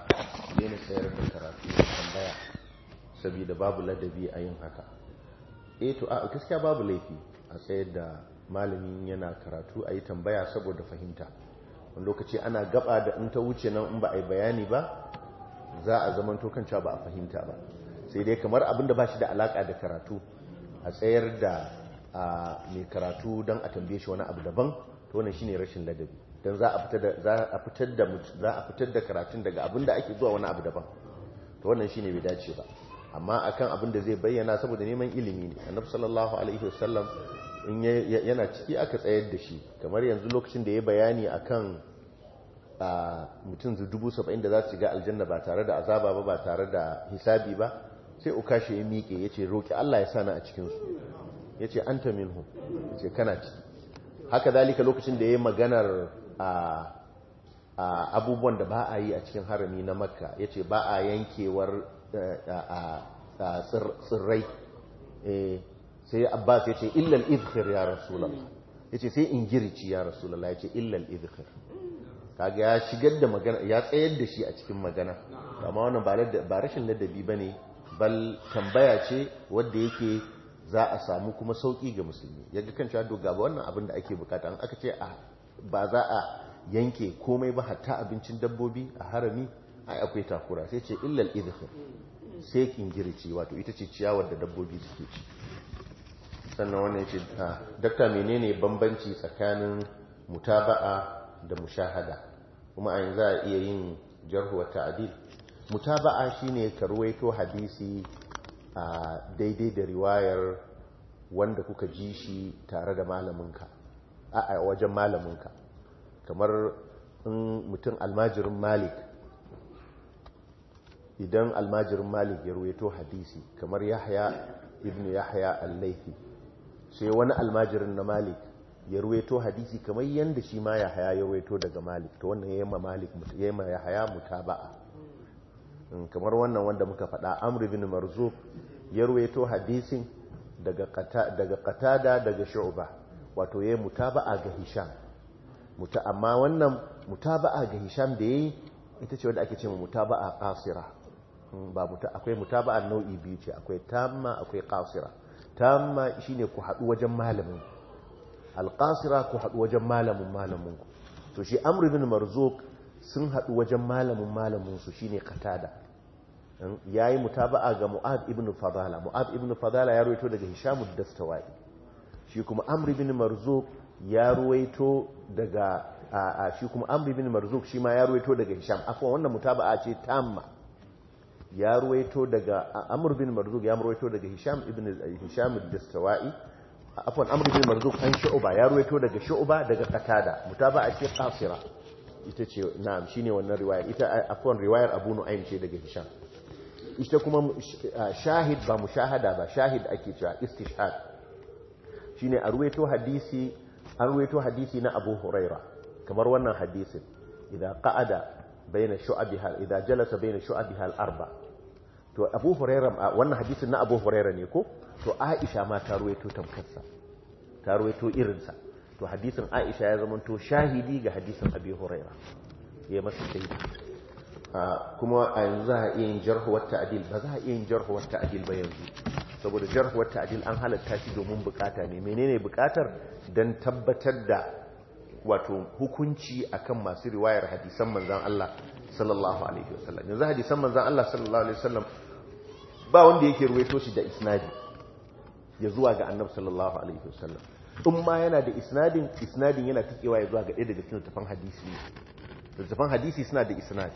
yana sayar da karatu tambaya saboda babu ladabi a yin haka eh to a gaskiya babu laifi a tsayar da malami yana karatu a yi tambaya saboda fahimta wani lokaci ana gaba da in ta wuce nan in ba a yi bayani ba za a zaman tokanca ba a fahimta ba sai dai kamar abin da ba shi da alaka da karatu a tsayar da mai karatu don a tambaye shi wani abu daban to wannan shine rashin ladabi don za a fitar da karatun daga abin da ake zuwa wani abu daban to wannan shine bai dace ba amma akan abin da zai bayyana saboda neman ilimi ne annabi sallallahu alaihi wasallam in yana ciki aka tsayar da shi kamar yanzu lokacin da ya bayani akan mutum dubu saba'in da za su ga aljanna ba tare da azaba ba ba tare da hisabi ba sai shi ya miƙe ya ce roƙi Allah ya sana a cikinsu ya ce an ta minhu ya ce kana ciki haka zalika lokacin da ya yi maganar abubuwan da ba a yi a cikin harami na makka ya ce ba a yankewar Sirrai eh, sai abbas ya ce illal idhir ya rasulallah ya ce sai ingirici ya rasulallah ya ce illal idhir kaga ya shigar da magana ya tsayar da shi a cikin magana amma wannan ba rashin ladabi ba ne bal tambaya ce wadda yake za a samu kuma sauƙi ga musulmi ya ga kan cewa ba wannan abin da ake bukata an aka ce ah, ba za a yanke komai ba hatta abincin dabbobi a harami ai akwai takura sai ce illal idhir sai kingirci wato ita ce ciyawar da dabbobi suke ci sannan wannan ce ah, dakta menene bambanci tsakanin mutaba'a da mushahada kuma a yanzu a iya yin jarhu wa ta'dil mutaba'a shine ka ruwaito hadisi a daidai da riwayar wanda kuka ji shi tare da malaminka a wajen malaminka kamar mutum almajirin malik idan almajirin malik ya ruwaito hadisi kamar yahya ibn yahya al sai wani almajirin na malik ya ruwaito hadisi kamar yadda shi ma yahya ya ruwaito daga malik to wannan ma malik ma yahya mutaba'a mm, kamar wannan wanda muka faɗa amr ibn marzuq ya ruwaito hadisin daga qata daga qatada daga shu'ba wato yayin mutaba'a ga hisham muta amma wannan mutaba'a ga hisham da yayi ita ce wanda ake cewa mutaba'a qasira Mm, ba muta akwai mutaba'an nau'i biyu ce akwai tamma akwai qasira tamma shine ku hadu wajen malamin alqasira ku hadu wajen malamin malamin ku to shi amr ibn sun hadu wajen malamin malamin su shine qatada mm, yayi mutaba'a ga mu'ad ibn fadala mu'ad ibn fadala ya ruwaito daga hisham ad-dastawai shi kuma amr ibn ya ruwaito daga a shi kuma amr ibn marzuq shi ma ya ruwaito daga hisham afwan wannan mutaba'a ce tamma ya ruwaito daga amur bin marzuk ya ruwaito daga hisham ibn hisham al dastawai afwan amur bin marzuk an shu'ba ya ruwaito daga shu'ba daga qatada a ce qasira ita ce na'am shine wannan riwayar ita afwan riwayar abu nu'aym ce daga hisham ita kuma shahid ba mushahada ba shahid ake cewa istishhad shine a ruwaito hadisi a ruwaito hadisi na abu huraira kamar wannan hadisin idan qa'ada bayna shu'abiha idan jalasa bayna shu'abiha al-arba to abu huraira wannan hadisin na abu huraira ne ko to aisha ma ta ruwaito tamkarsa ta ruwaito irinsa to hadisin aisha ya zama to shahidi ga hadisin abu huraira ya masa shahidi kuma a yanzu za a iya yin jarhu wata adil ba za a iya yin jarhu wata adil ba yanzu saboda jarhu wata adil an halatta shi domin bukata ne menene bukatar don tabbatar da wato hukunci akan masu riwayar hadisan manzan Allah sallallahu alaihi wasallam yanzu hadisan manzan Allah sallallahu alaihi wasallam ba wanda yake ruwaito shi da isnadi ya zuwa ga annabi sallallahu alaihi wasallam in ma yana da isnadin isnadin yana tikewa ya zuwa ga ɗaya daga cikin tafan hadisi tafan hadisi suna da isnad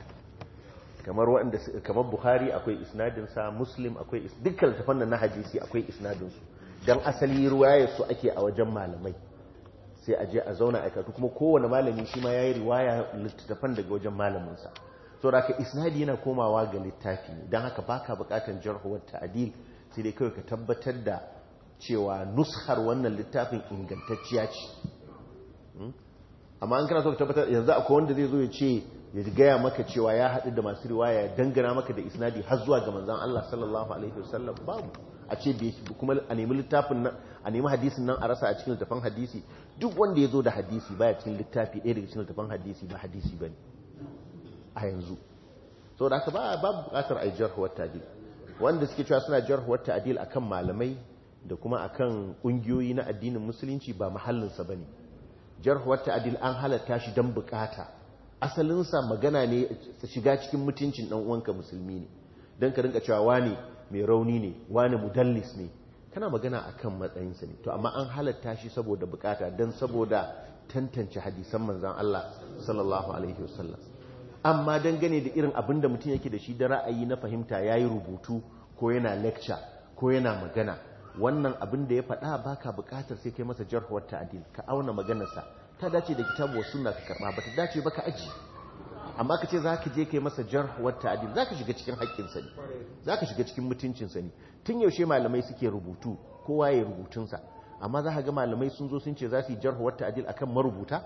kamar wanda kamar bukhari akwai isnadin sa muslim akwai dukkan tafan nan na hadisi akwai isnadin su dan asali riwayar su ake a wajen malamai sai a je a zauna a kuma kowane malami shi ma yayi riwaya littafan daga wajen malamin sa saboda ka isnadi yana komawa ga littafi don haka baka bukatan jarhuwar ta'adil sai dai kawai ka tabbatar da cewa nushar wannan littafin ingantacciya ce hmm? amma an kana so ka tabbatar yanzu akwai wanda zai zo ya ce ya gaya maka cewa ya haɗu da masu riwaya ya dangana maka da isnadi har zuwa ga manzan Allah sallallahu alaihi wasallam babu a ce kuma a nemi littafin nan a nemi hadisin nan a rasa a cikin littafin hadisi duk wanda ya zo da hadisi baya cikin littafi ɗaya daga cikin littafin hadisi ba hadisi bane a yanzu so da aka ba babu bukatar a yi jarhuwar ta'adil wanda suke cewa suna jarhuwar ta'adil kan malamai da kuma a kan ƙungiyoyi na addinin musulunci ba mahallinsa ne jarhuwar ta'adil an halatta shi don bukata asalinsa magana ne shiga cikin mutuncin dan uwanka musulmi ne don ka rinka cewa wani mai rauni ne wani mudallis ne kana magana a kan matsayinsa ne to amma an halatta shi saboda bukata don saboda tantance hadisan manzan Allah sallallahu alaihi wasallam amma dangane da irin abin da mutum yake da shi da ra'ayi na fahimta ya yi rubutu ko yana lecture ko yana magana wannan abin da ya faɗa ba ka buƙatar sai kai masa jarhuwar ta'adil ka auna maganarsa ta dace da kitabu wasu na ka karɓa ba ta dace ba ka aji amma ka ce za ka je kai masa jarhuwar ta'adil za ka shiga cikin haƙƙinsa ne za ka shiga cikin mutuncinsa ne tun yaushe malamai suke rubutu kowa ya rubutunsa amma za ka ga malamai sun zo sun ce za su yi jarhuwar ta'adil akan marubuta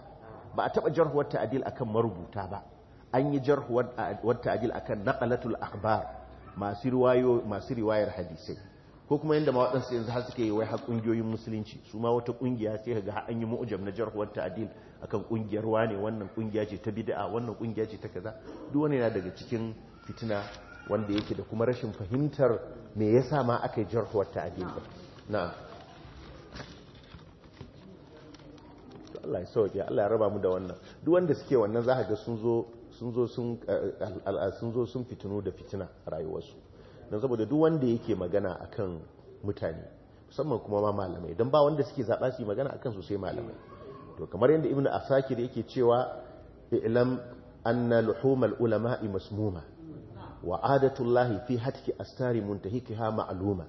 ba a taɓa jarhuwar ta'adil akan marubuta ba an yi jarh wa a kan naqalatul akhbar masu masu riwayar hadisai ko kuma yadda ma waɗansu yanzu har suke wai har ƙungiyoyin musulunci su ma wata ƙungiya sai ga an yi mu'ujam na jarh wa a kan kungiyar wane wannan ƙungiya ce ta bid'a wannan ƙungiya ce ta kaza duk wani yana daga cikin fitina wanda yake da kuma rashin fahimtar me yasa ma aka yi wata wa ba na Allah ya sauke Allah ya raba mu da wannan duk wanda suke wannan za ga sun zo sun zo sun fitino da fitina a rayuwarsu don saboda duk wanda yake magana akan mutane musamman kuma ma malamai don ba wanda suke zaɓa su yi magana akan su sai malamai to kamar yadda Ibn asakir yake cewa ilam anna luhumal ulama'i masmuma wa lahi fi hatki astari ha ma'aluma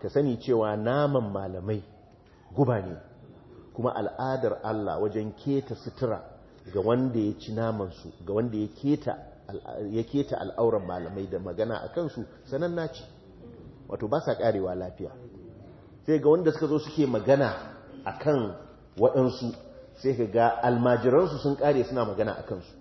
ka sani cewa naman malamai guba ne kuma al'adar Allah wajen keta sutura ga wanda ya ci namansu ga wanda ya keta al'auran malamai da magana a kansu sanan naci wato ba sa karewa lafiya sai ga wanda suka zo suke magana a kan waɗansu sai ka ga almajiransu sun kare suna magana a kansu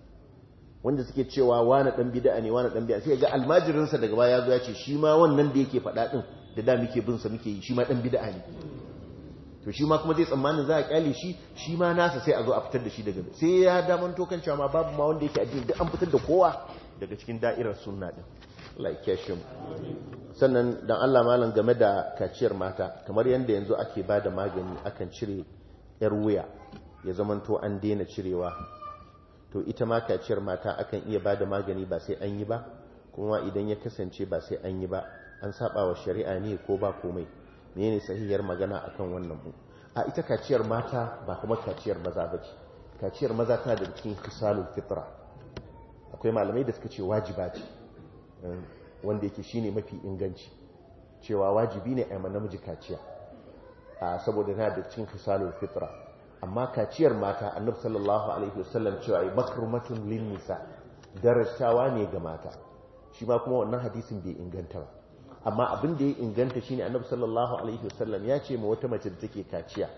wanda suke cewa wani ɗan bida ne wani ɗan bida sai ga almajiransa daga baya ya zo ya ce shi ma wannan da yake faɗa ɗin da da muke binsa muke yi shi ma ɗan bida ne to shi ma kuma zai tsammanin za a kyale shi shi ma nasa sai a zo a fitar da shi daga sai ya daman tokan cewa babu ma wanda yake addini duk an fitar da kowa daga cikin da'irar sunna din like ya sannan dan Allah malam game da kaciyar mata kamar yadda yanzu ake ba da magani akan cire yar wuya ya zamanto an daina cirewa to ita ma kaciyar mata akan iya ba da magani ba sai an yi ba kuma idan ya kasance ba sai an yi ba an saba wa shari'a ne ko ba komai menene sahihiyar magana akan wannan mu a ita kaciyar mata ba kuma kaciyar maza ba ce kaciyar maza tana da cikin khisalul fitra akwai malamai da suka ce wajiba ce um, wanda yake shine mafi inganci cewa wajibi ne a yi namiji kaciya a saboda na da cikin khisalul fitra amma kaciyar mata annabi sallallahu alaihi wasallam cewa ai makrumatun lin nisa darajtawa ne ga mata shi ma kuma wannan hadisin bai inganta ba amma abin da ya inganta shi ne annabi sallallahu alaihi wasallam ya ce ma wata mace da take kaciya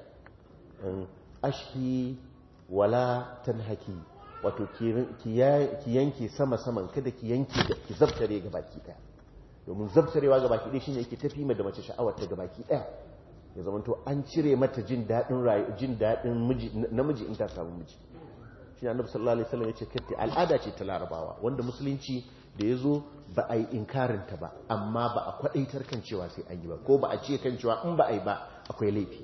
ashki wala tanhaki wato ki yanke sama saman kada ki yanke da ki zabtare ga baki daya domin zabtarewa ga baki daya shine yake tafi ma da mace sha'awar ta ga baki daya ya zama to an cire mata jin dadin rayu jin dadin miji namiji in ta samu miji shi annabi sallallahu alaihi wasallam ce katti al'ada ce ta larabawa wanda musulunci da ya zo ba a yi inkarinta ba amma ba a kwaɗaitar kan cewa sai an yi ba ko ba a ce kan cewa in ba a yi ba akwai laifi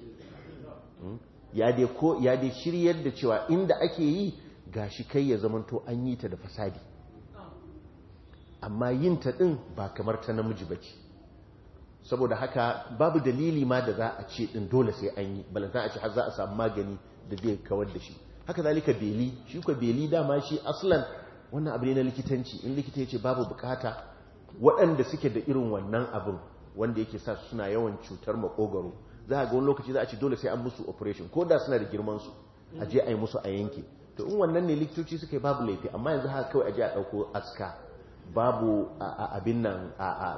hmm? ya dai shiryar da cewa inda ake yi ga shi kai ya zamanto an yi ta da fasadi amma yin ta ɗin ba kamar ta namiji ba ce saboda haka babu dalili ma da za a ce ɗin dole sai an yi balanta a ce har za a samu magani da zai kawar da shi haka zalika beli shi ko beli dama shi aslan wannan abu ne na likitanci in likita ya ce babu bukata waɗanda suke da irin wannan abin wanda yake sa suna yawan cutar makogaro za a ga wani lokaci za a ce dole sai an musu operation ko da suna da girman su a je a yi musu a yanke to in wannan ne likitoci suka babu laifi amma yanzu haka kawai a je a ɗauko aska babu abin nan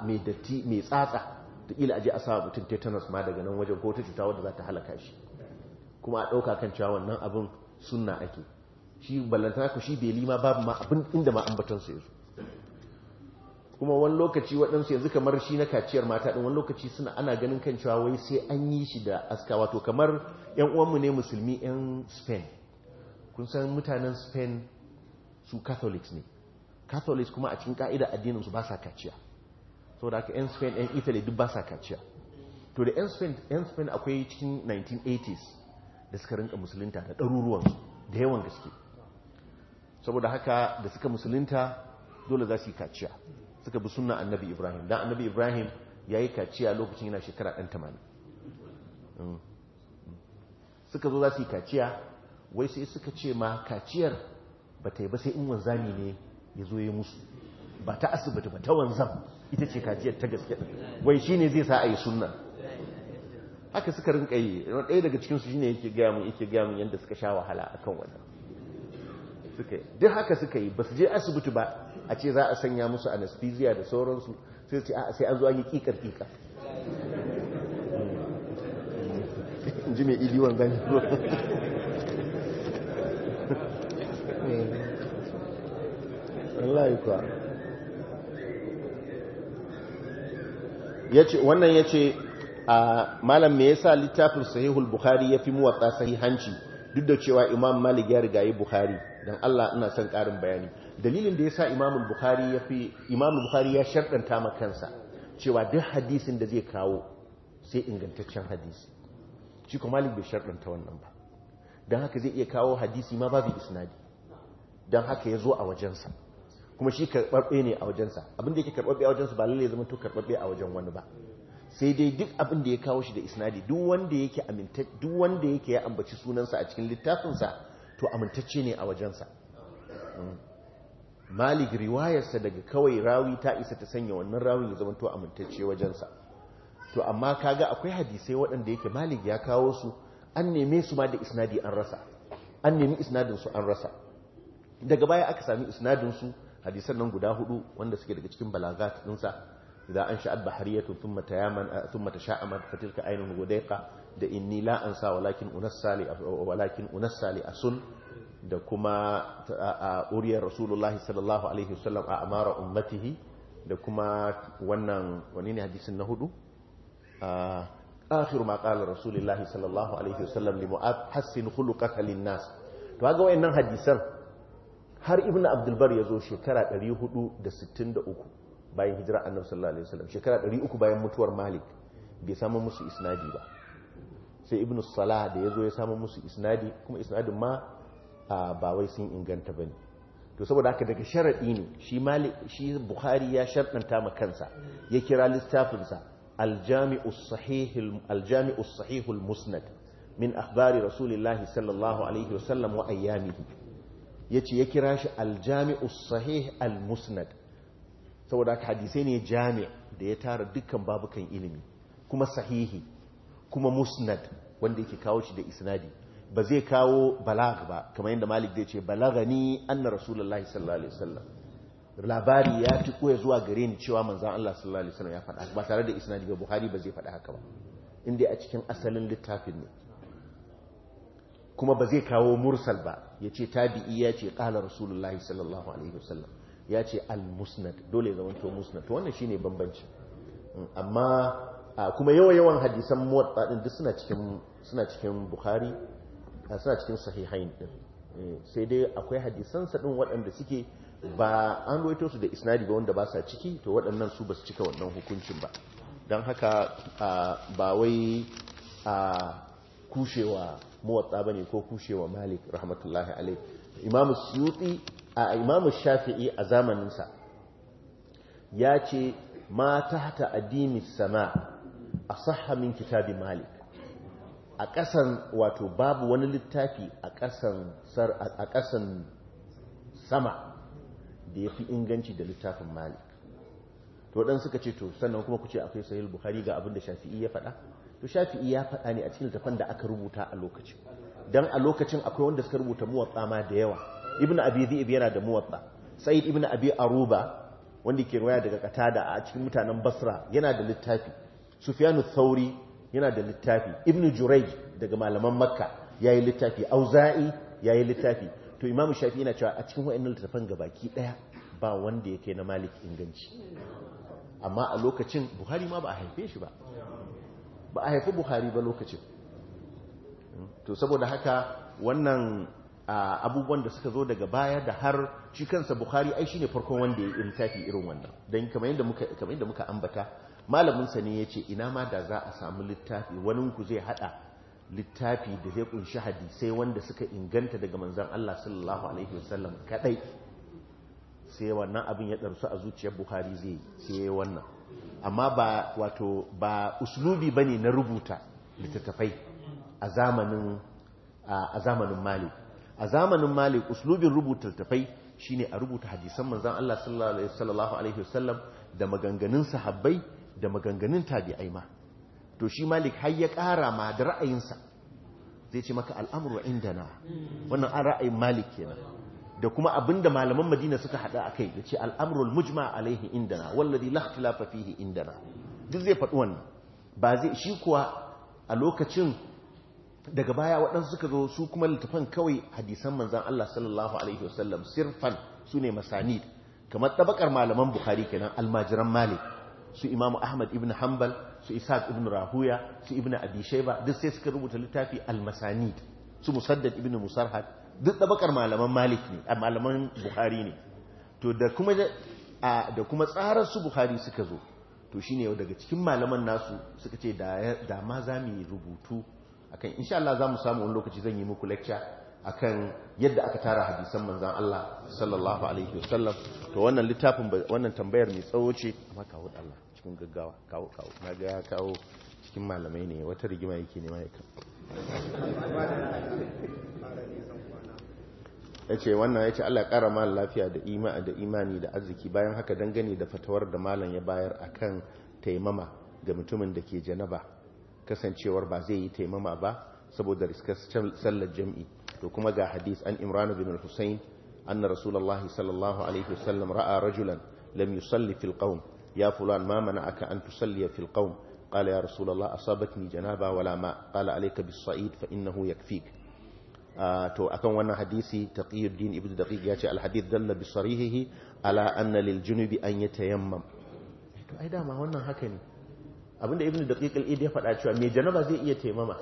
mai datti mai tsatsa ta ƙila a je a sa mutum tetanus ma daga nan wajen ko ta cuta wadda za ta halaka shi kuma a ɗauka kan cewa wannan abin sunna ake shi ballanta ku shi beli ma babu ma abin inda ma ambatansu yanzu. kuma wani lokaci waɗansu yanzu kamar shi na kaciyar mata ɗin wani lokaci suna ana ganin kan cewa wai sai an yi shi da aska wato kamar yan uwanmu ne musulmi yan spain kun san mutanen spain su catholics ne catholics kuma a cikin ka'ida addinin su ba sa kaciya saboda haka yan spain yan italy duk ba sa kaciya to da yan spain yan spain akwai cikin 1980s da suka rinka musulunta da ɗaruruwan, da yawan gaske saboda haka da suka musulunta dole za su yi kaciya suka bi sunna annabi ibrahim dan annabi ibrahim ya yi kaciya lokacin yana shekara ɗan tamanin mm. suka zo za su yi kaciya wai sai suka ce ma kaciyar ba ta yi ba sai in wanzami ne ya zo ya musu ba ta asibiti ba ta wanzam ita ce kaciyar ta gaske wai shi ne zai sa a yi sunna haka suka rinka yi ɗaya daga cikinsu shi ne yake gaya mun yake yadda suka sha wahala akan wannan suka yi duk haka suka yi ba su je asibiti ba a ce za a sanya musu anesthesia da sauransu sai ce sai an zo an yi kikar kika ji mai iliwan gani Allah yi kuwa wannan ya ce a malam me yasa littafin sahihul bukhari ya fi muwatsa sahihanci duk da cewa imam malik ya rigaye bukhari don allah ina son karin bayani dalilin da ya sa imam bukhari ya shardanta makansa, cewa duk hadisin da zai kawo sai ingantaccen hadisi shi kuma malik bai sharɗanta wannan ba don haka zai iya kawo hadisi ma babu isnadi don haka ya zo a wajensa kuma shi karɓaɓɓe ne a wajensa abin yake karɓaɓɓe a wajensa ba lalle zama to karɓaɓɓe a wajen wani ba sai dai duk abin da ya kawo shi da isnadi duk wanda yake aminta duk wanda yake ya ambaci sunansa a cikin littafinsa to amintacce ne a wajensa mm. malik riwayarsa daga kawai rawi ta isa ta sanya wannan rawin ya zama to amintacce wajensa to amma kaga akwai hadisai waɗanda yake malik ya kawo su an neme su ma da isnadi an rasa an nemi isnadin su an rasa daga baya aka sami isnadin su hadisan nan guda hudu wanda suke daga cikin balagat dinsa da an sha'ad bahariyatu thumma mata thumma tasha'aman fatilka aynun gudaiqa da inni la ansa walakin unassali walakin unassali asun da kuma uriyar rasulullahi sallallahu alaihi wasallam a amara ummatihi da kuma wannan wani ne hadisin na hudu akhiru ma qala rasulullahi sallallahu alaihi wasallam li mu'ad hassin khuluqaka lin nas to ga wayannan hadisan har ibnu abdul bar yazo shekara 463 bayan hijira annabi sallallahu alaihi wasallam shekara 300 bayan mutuwar malik bai samu musu isnadi ba sai ibnu salah da zo ya samu musu isnadi kuma isnadin ma ba wai sun inganta ba ne to saboda haka daga sharadi ne shi malik shi bukhari ya sharɗanta ma kansa ya kira littafinsa sa al-jami'u sahih musnad min akhbari rasulillahi sallallahu alaihi wasallam wa ayyamihi yace ya kira shi al-jami'u sahih al-musnad saboda haka hadisai ne jami da ya tara dukkan babukan ilimi kuma sahihi kuma musnad wanda yake kawo shi da isnadi ba zai kawo balag ba kamar yadda malik zai ce balagani anna rasulullahi sallallahu alaihi wasallam labari ya fi koya zuwa gare ni cewa manzan Allah sallallahu alaihi wasallam ya faɗa ba tare da isnadi ba buhari ba zai faɗa haka ba inda a cikin asalin littafin ne kuma ba zai kawo mursal ba ya ce tabi'i ya ce ƙala rasulullahi sallallahu alaihi wasallam ya ce al-musnad dole zama to musnad to wannan shine bambanci mm, amma kuma yawa-yawan hadisan muwatta din duk suna cikin suna cikin bukhari suna cikin sahihain din eh, sai dai akwai hadisan sa din waɗanda suke ba an ruwaito su da isnadi ba wanda ba sa ciki to waɗannan su basu cika wannan hukuncin ba don haka ba wai a kushewa muwatta bane ko kushewa malik rahmatullahi alaihi imamu suyuti a imamu shafi'i a zamaninsa ya ce ma tahta adimi sama a sahamin kitabi malik a ƙasan wato babu wani littafi a kasan sama da ya fi inganci da littafin malik to dan suka ce to sannan kuma ku ce akwai sahil bukhari ga abin da shafi'i ya faɗa to shafi'i ya faɗa ne a cikin littafin da aka rubuta a lokacin Don a lokacin akwai wanda suka rubuta muwa tsama da yawa ibn abi dhi'ib yana da muwatta sa'id ibn abi aruba wanda ke riwaya daga Katada a cikin mutanen basra yana da littafi sufyanu thauri yana da littafi ibn jurayj daga malaman makka yayi littafi auza'i yayi littafi to imamu shafi yana cewa a cikin wayannan littafan gabaki daya ba wanda yake na malik inganci amma a lokacin buhari ma ba a haife shi ba ba a haifi buhari ba lokacin hmm? to saboda haka wannan abubuwan da suka zo daga baya da har shi kansa bukhari ai shine farkon wanda ya yi tafi irin wannan don kamar yadda muka muka ambata malaminsa ne ya ce ina ma da za a samu littafi wani ku zai hada littafi da zai kunshi hadisai wanda suka inganta daga manzon Allah sallallahu alaihi wasallam kadai sai wannan abin ya darsu a zuciyar bukhari zai sai wannan amma ba wato ba uslubi bane na rubuta littattafai a zamanin a zamanin malik a zamanin malik uslubin rubuta tafai shine a rubuta hadisan manzon Allah sallallahu alaihi wasallam da maganganun sahabbai da maganganun tabi'ai ma to shi malik har ya ƙara ma da ra'ayinsa zai ce maka al'amuru indana wannan an ra'ayin malik kenan da kuma abinda malaman madina suka hada akai ya ce al'amurul mujma alaihi indana wallazi la ikhtilafa fihi indana duk zai faɗi wannan ba zai shi kuwa a lokacin daga baya waɗansu suka zo su kuma littafan kawai hadisan manzan Allah sallallahu alaihi wasallam sirfan su ne masanid kamar tabakar malaman bukhari kenan almajiran malik su imamu ahmad ibn hanbal su isaac ibn rahuya su ibn abi shayba duk sai suka rubuta littafi almasanid su musaddad ibn musarhad duk tabakar malaman malik ne malaman bukhari ne to da kuma da tsarar su bukhari suka zo to shine daga cikin malaman nasu suka ce da ma za mu yi rubutu akan insha Allah za mu samu wani lokaci zan yi muku lecture akan yadda aka tara hadisan manzan Allah sallallahu alaihi wasallam to wannan littafin wannan tambayar mai tsawo ce amma kawo Allah cikin gaggawa kawo kawo na ga kawo cikin malamai ne wata rigima yake ne ya kawo yace wannan yace Allah ya kara mal lafiya da imani da imani da arziki bayan haka dangane da fatawar da malam ya bayar akan taimama ga mutumin da ke janaba kasancewar ba zai yi taimama ba saboda riskar sallar jam'i to kuma ga hadis an imran bin al-husayn anna rasulullahi sallallahu alaihi wasallam ra'a rajulan lam yusalli fil qawm ya fulan ma mana'aka an tusalli fil qawm qala ya rasulullah asabatni janaba wala ma qala alayka bis sa'id fa innahu yakfik ah, to akan wannan hadisi taqiyuddin ibnu daqiq ya ce al hadith dalla bi sarihihi ala anna lil junubi an yatayammam eh, to ai dama wannan haka ne abinda ibn daqiq al-id ya faɗa cewa mai janaba zai iya taimama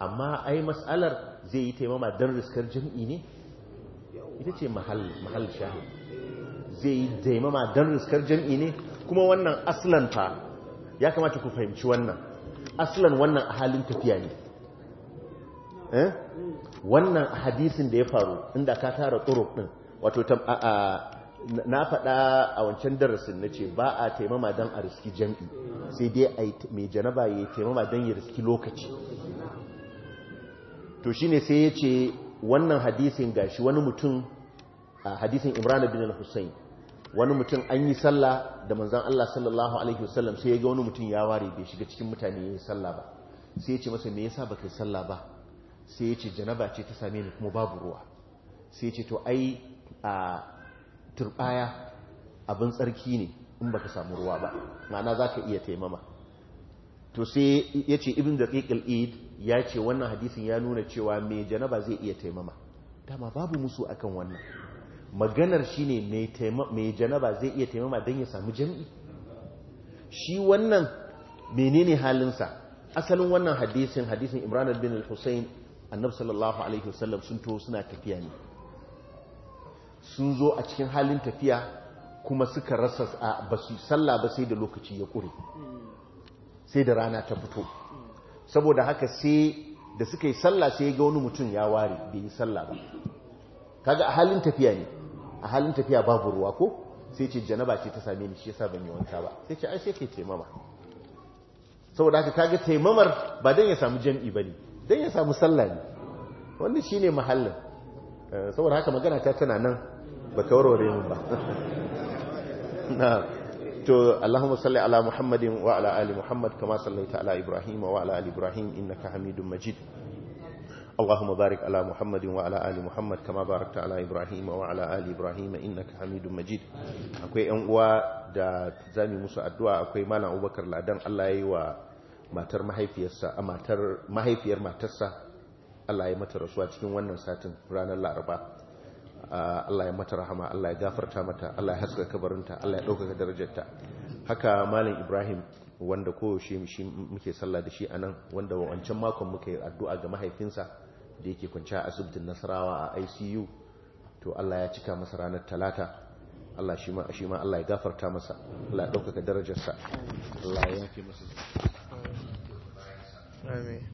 amma ai mas'alar zai yi taimama dan riskar jami'i ne ita ce mahal mahal shahid zai yi taimama dan riskar jami'i ne kuma wannan aslan fa ya kamata ku fahimci wannan aslan wannan a halin tafiya ne eh wannan hadisin da ya faru inda ka tara turuq din wato na faɗa a wancan darasin na ce ba a taimama don a riski jam'i sai dai a mai janaba ya taimama don ya riski lokaci to shi ne sai ya ce wannan hadisin gashi wani mutum a hadisin imran bin al-hussein wani mutum an yi sallah da manzan Allah sallallahu alaihi wasallam sai ya ga wani mutum ya ware bai shiga cikin mutane ya yi sallah ba sai ya ce masa me yasa baka yi sallah ba sai ya ce janaba ce ta same ni kuma babu ruwa sai ya ce to ai a turbaya abin tsarki ne in baka samu ruwa ba ma'ana za ka iya taimama to sai ya ce ibn da id ya ce wannan hadisin ya nuna cewa mai janaba zai iya taimama dama babu musu akan wannan maganar shine mai janaba zai iya taimama don ya samu jam'i shi wannan menene halinsa asalin wannan hadisin hadisin imran bin al-husayn annabi sallallahu alaihi wasallam sun to suna tafiya ne sun zo a cikin halin tafiya kuma suka rasa a su sallah ba sai da lokaci ya ƙure sai da rana ta fito saboda haka sai da suka yi sallah sai ga wani mutum ya ware bai yi sallah ba kaga a halin tafiya ne a halin tafiya babu ruwa ko sai ce janaba ce ta same ni shi yasa ban yi wanka ba sai ce ai sai kai taimama saboda haka kaga taimamar ba dan ya samu jami'i ne dan ya samu sallah ne wannan shine mahallin eh, saboda haka magana ta tana nan ba ka warware mu ba na to Allahumma salli ala Muhammadin wa ala ali Muhammad kama sallaita ala Ibrahim wa ala ali Ibrahim innaka Hamidum Majid اللهم بارك على محمد وعلى آل محمد كما باركت على إبراهيم وعلى آل إبراهيم إنك حميد مجيد akwai ƴan uwa da zami musu addu'a akwai malam Abubakar Ladan Allah yayi wa matar mahaifiyarsa a matar mahaifiyar matarsa Allah ya mata rasuwa cikin wannan satin ranar Laraba Ah, Allah ya mata rahama Allah ya gafarta mata Allah ya haska kabarinta Allah ya ɗaukaka darajarta haka malam Ibrahim wanda koyaushe shi muke sallah da shi a wanda wancan makon muka yi addu'a ga mahaifinsa da yake kwanci a asibitin nasarawa a ICU to Allah ya cika masa ranar talata Allah shi ma shi ma Allah ya gafarta masa Allah ya ɗaukaka darajarsa Allah ya yake masa amin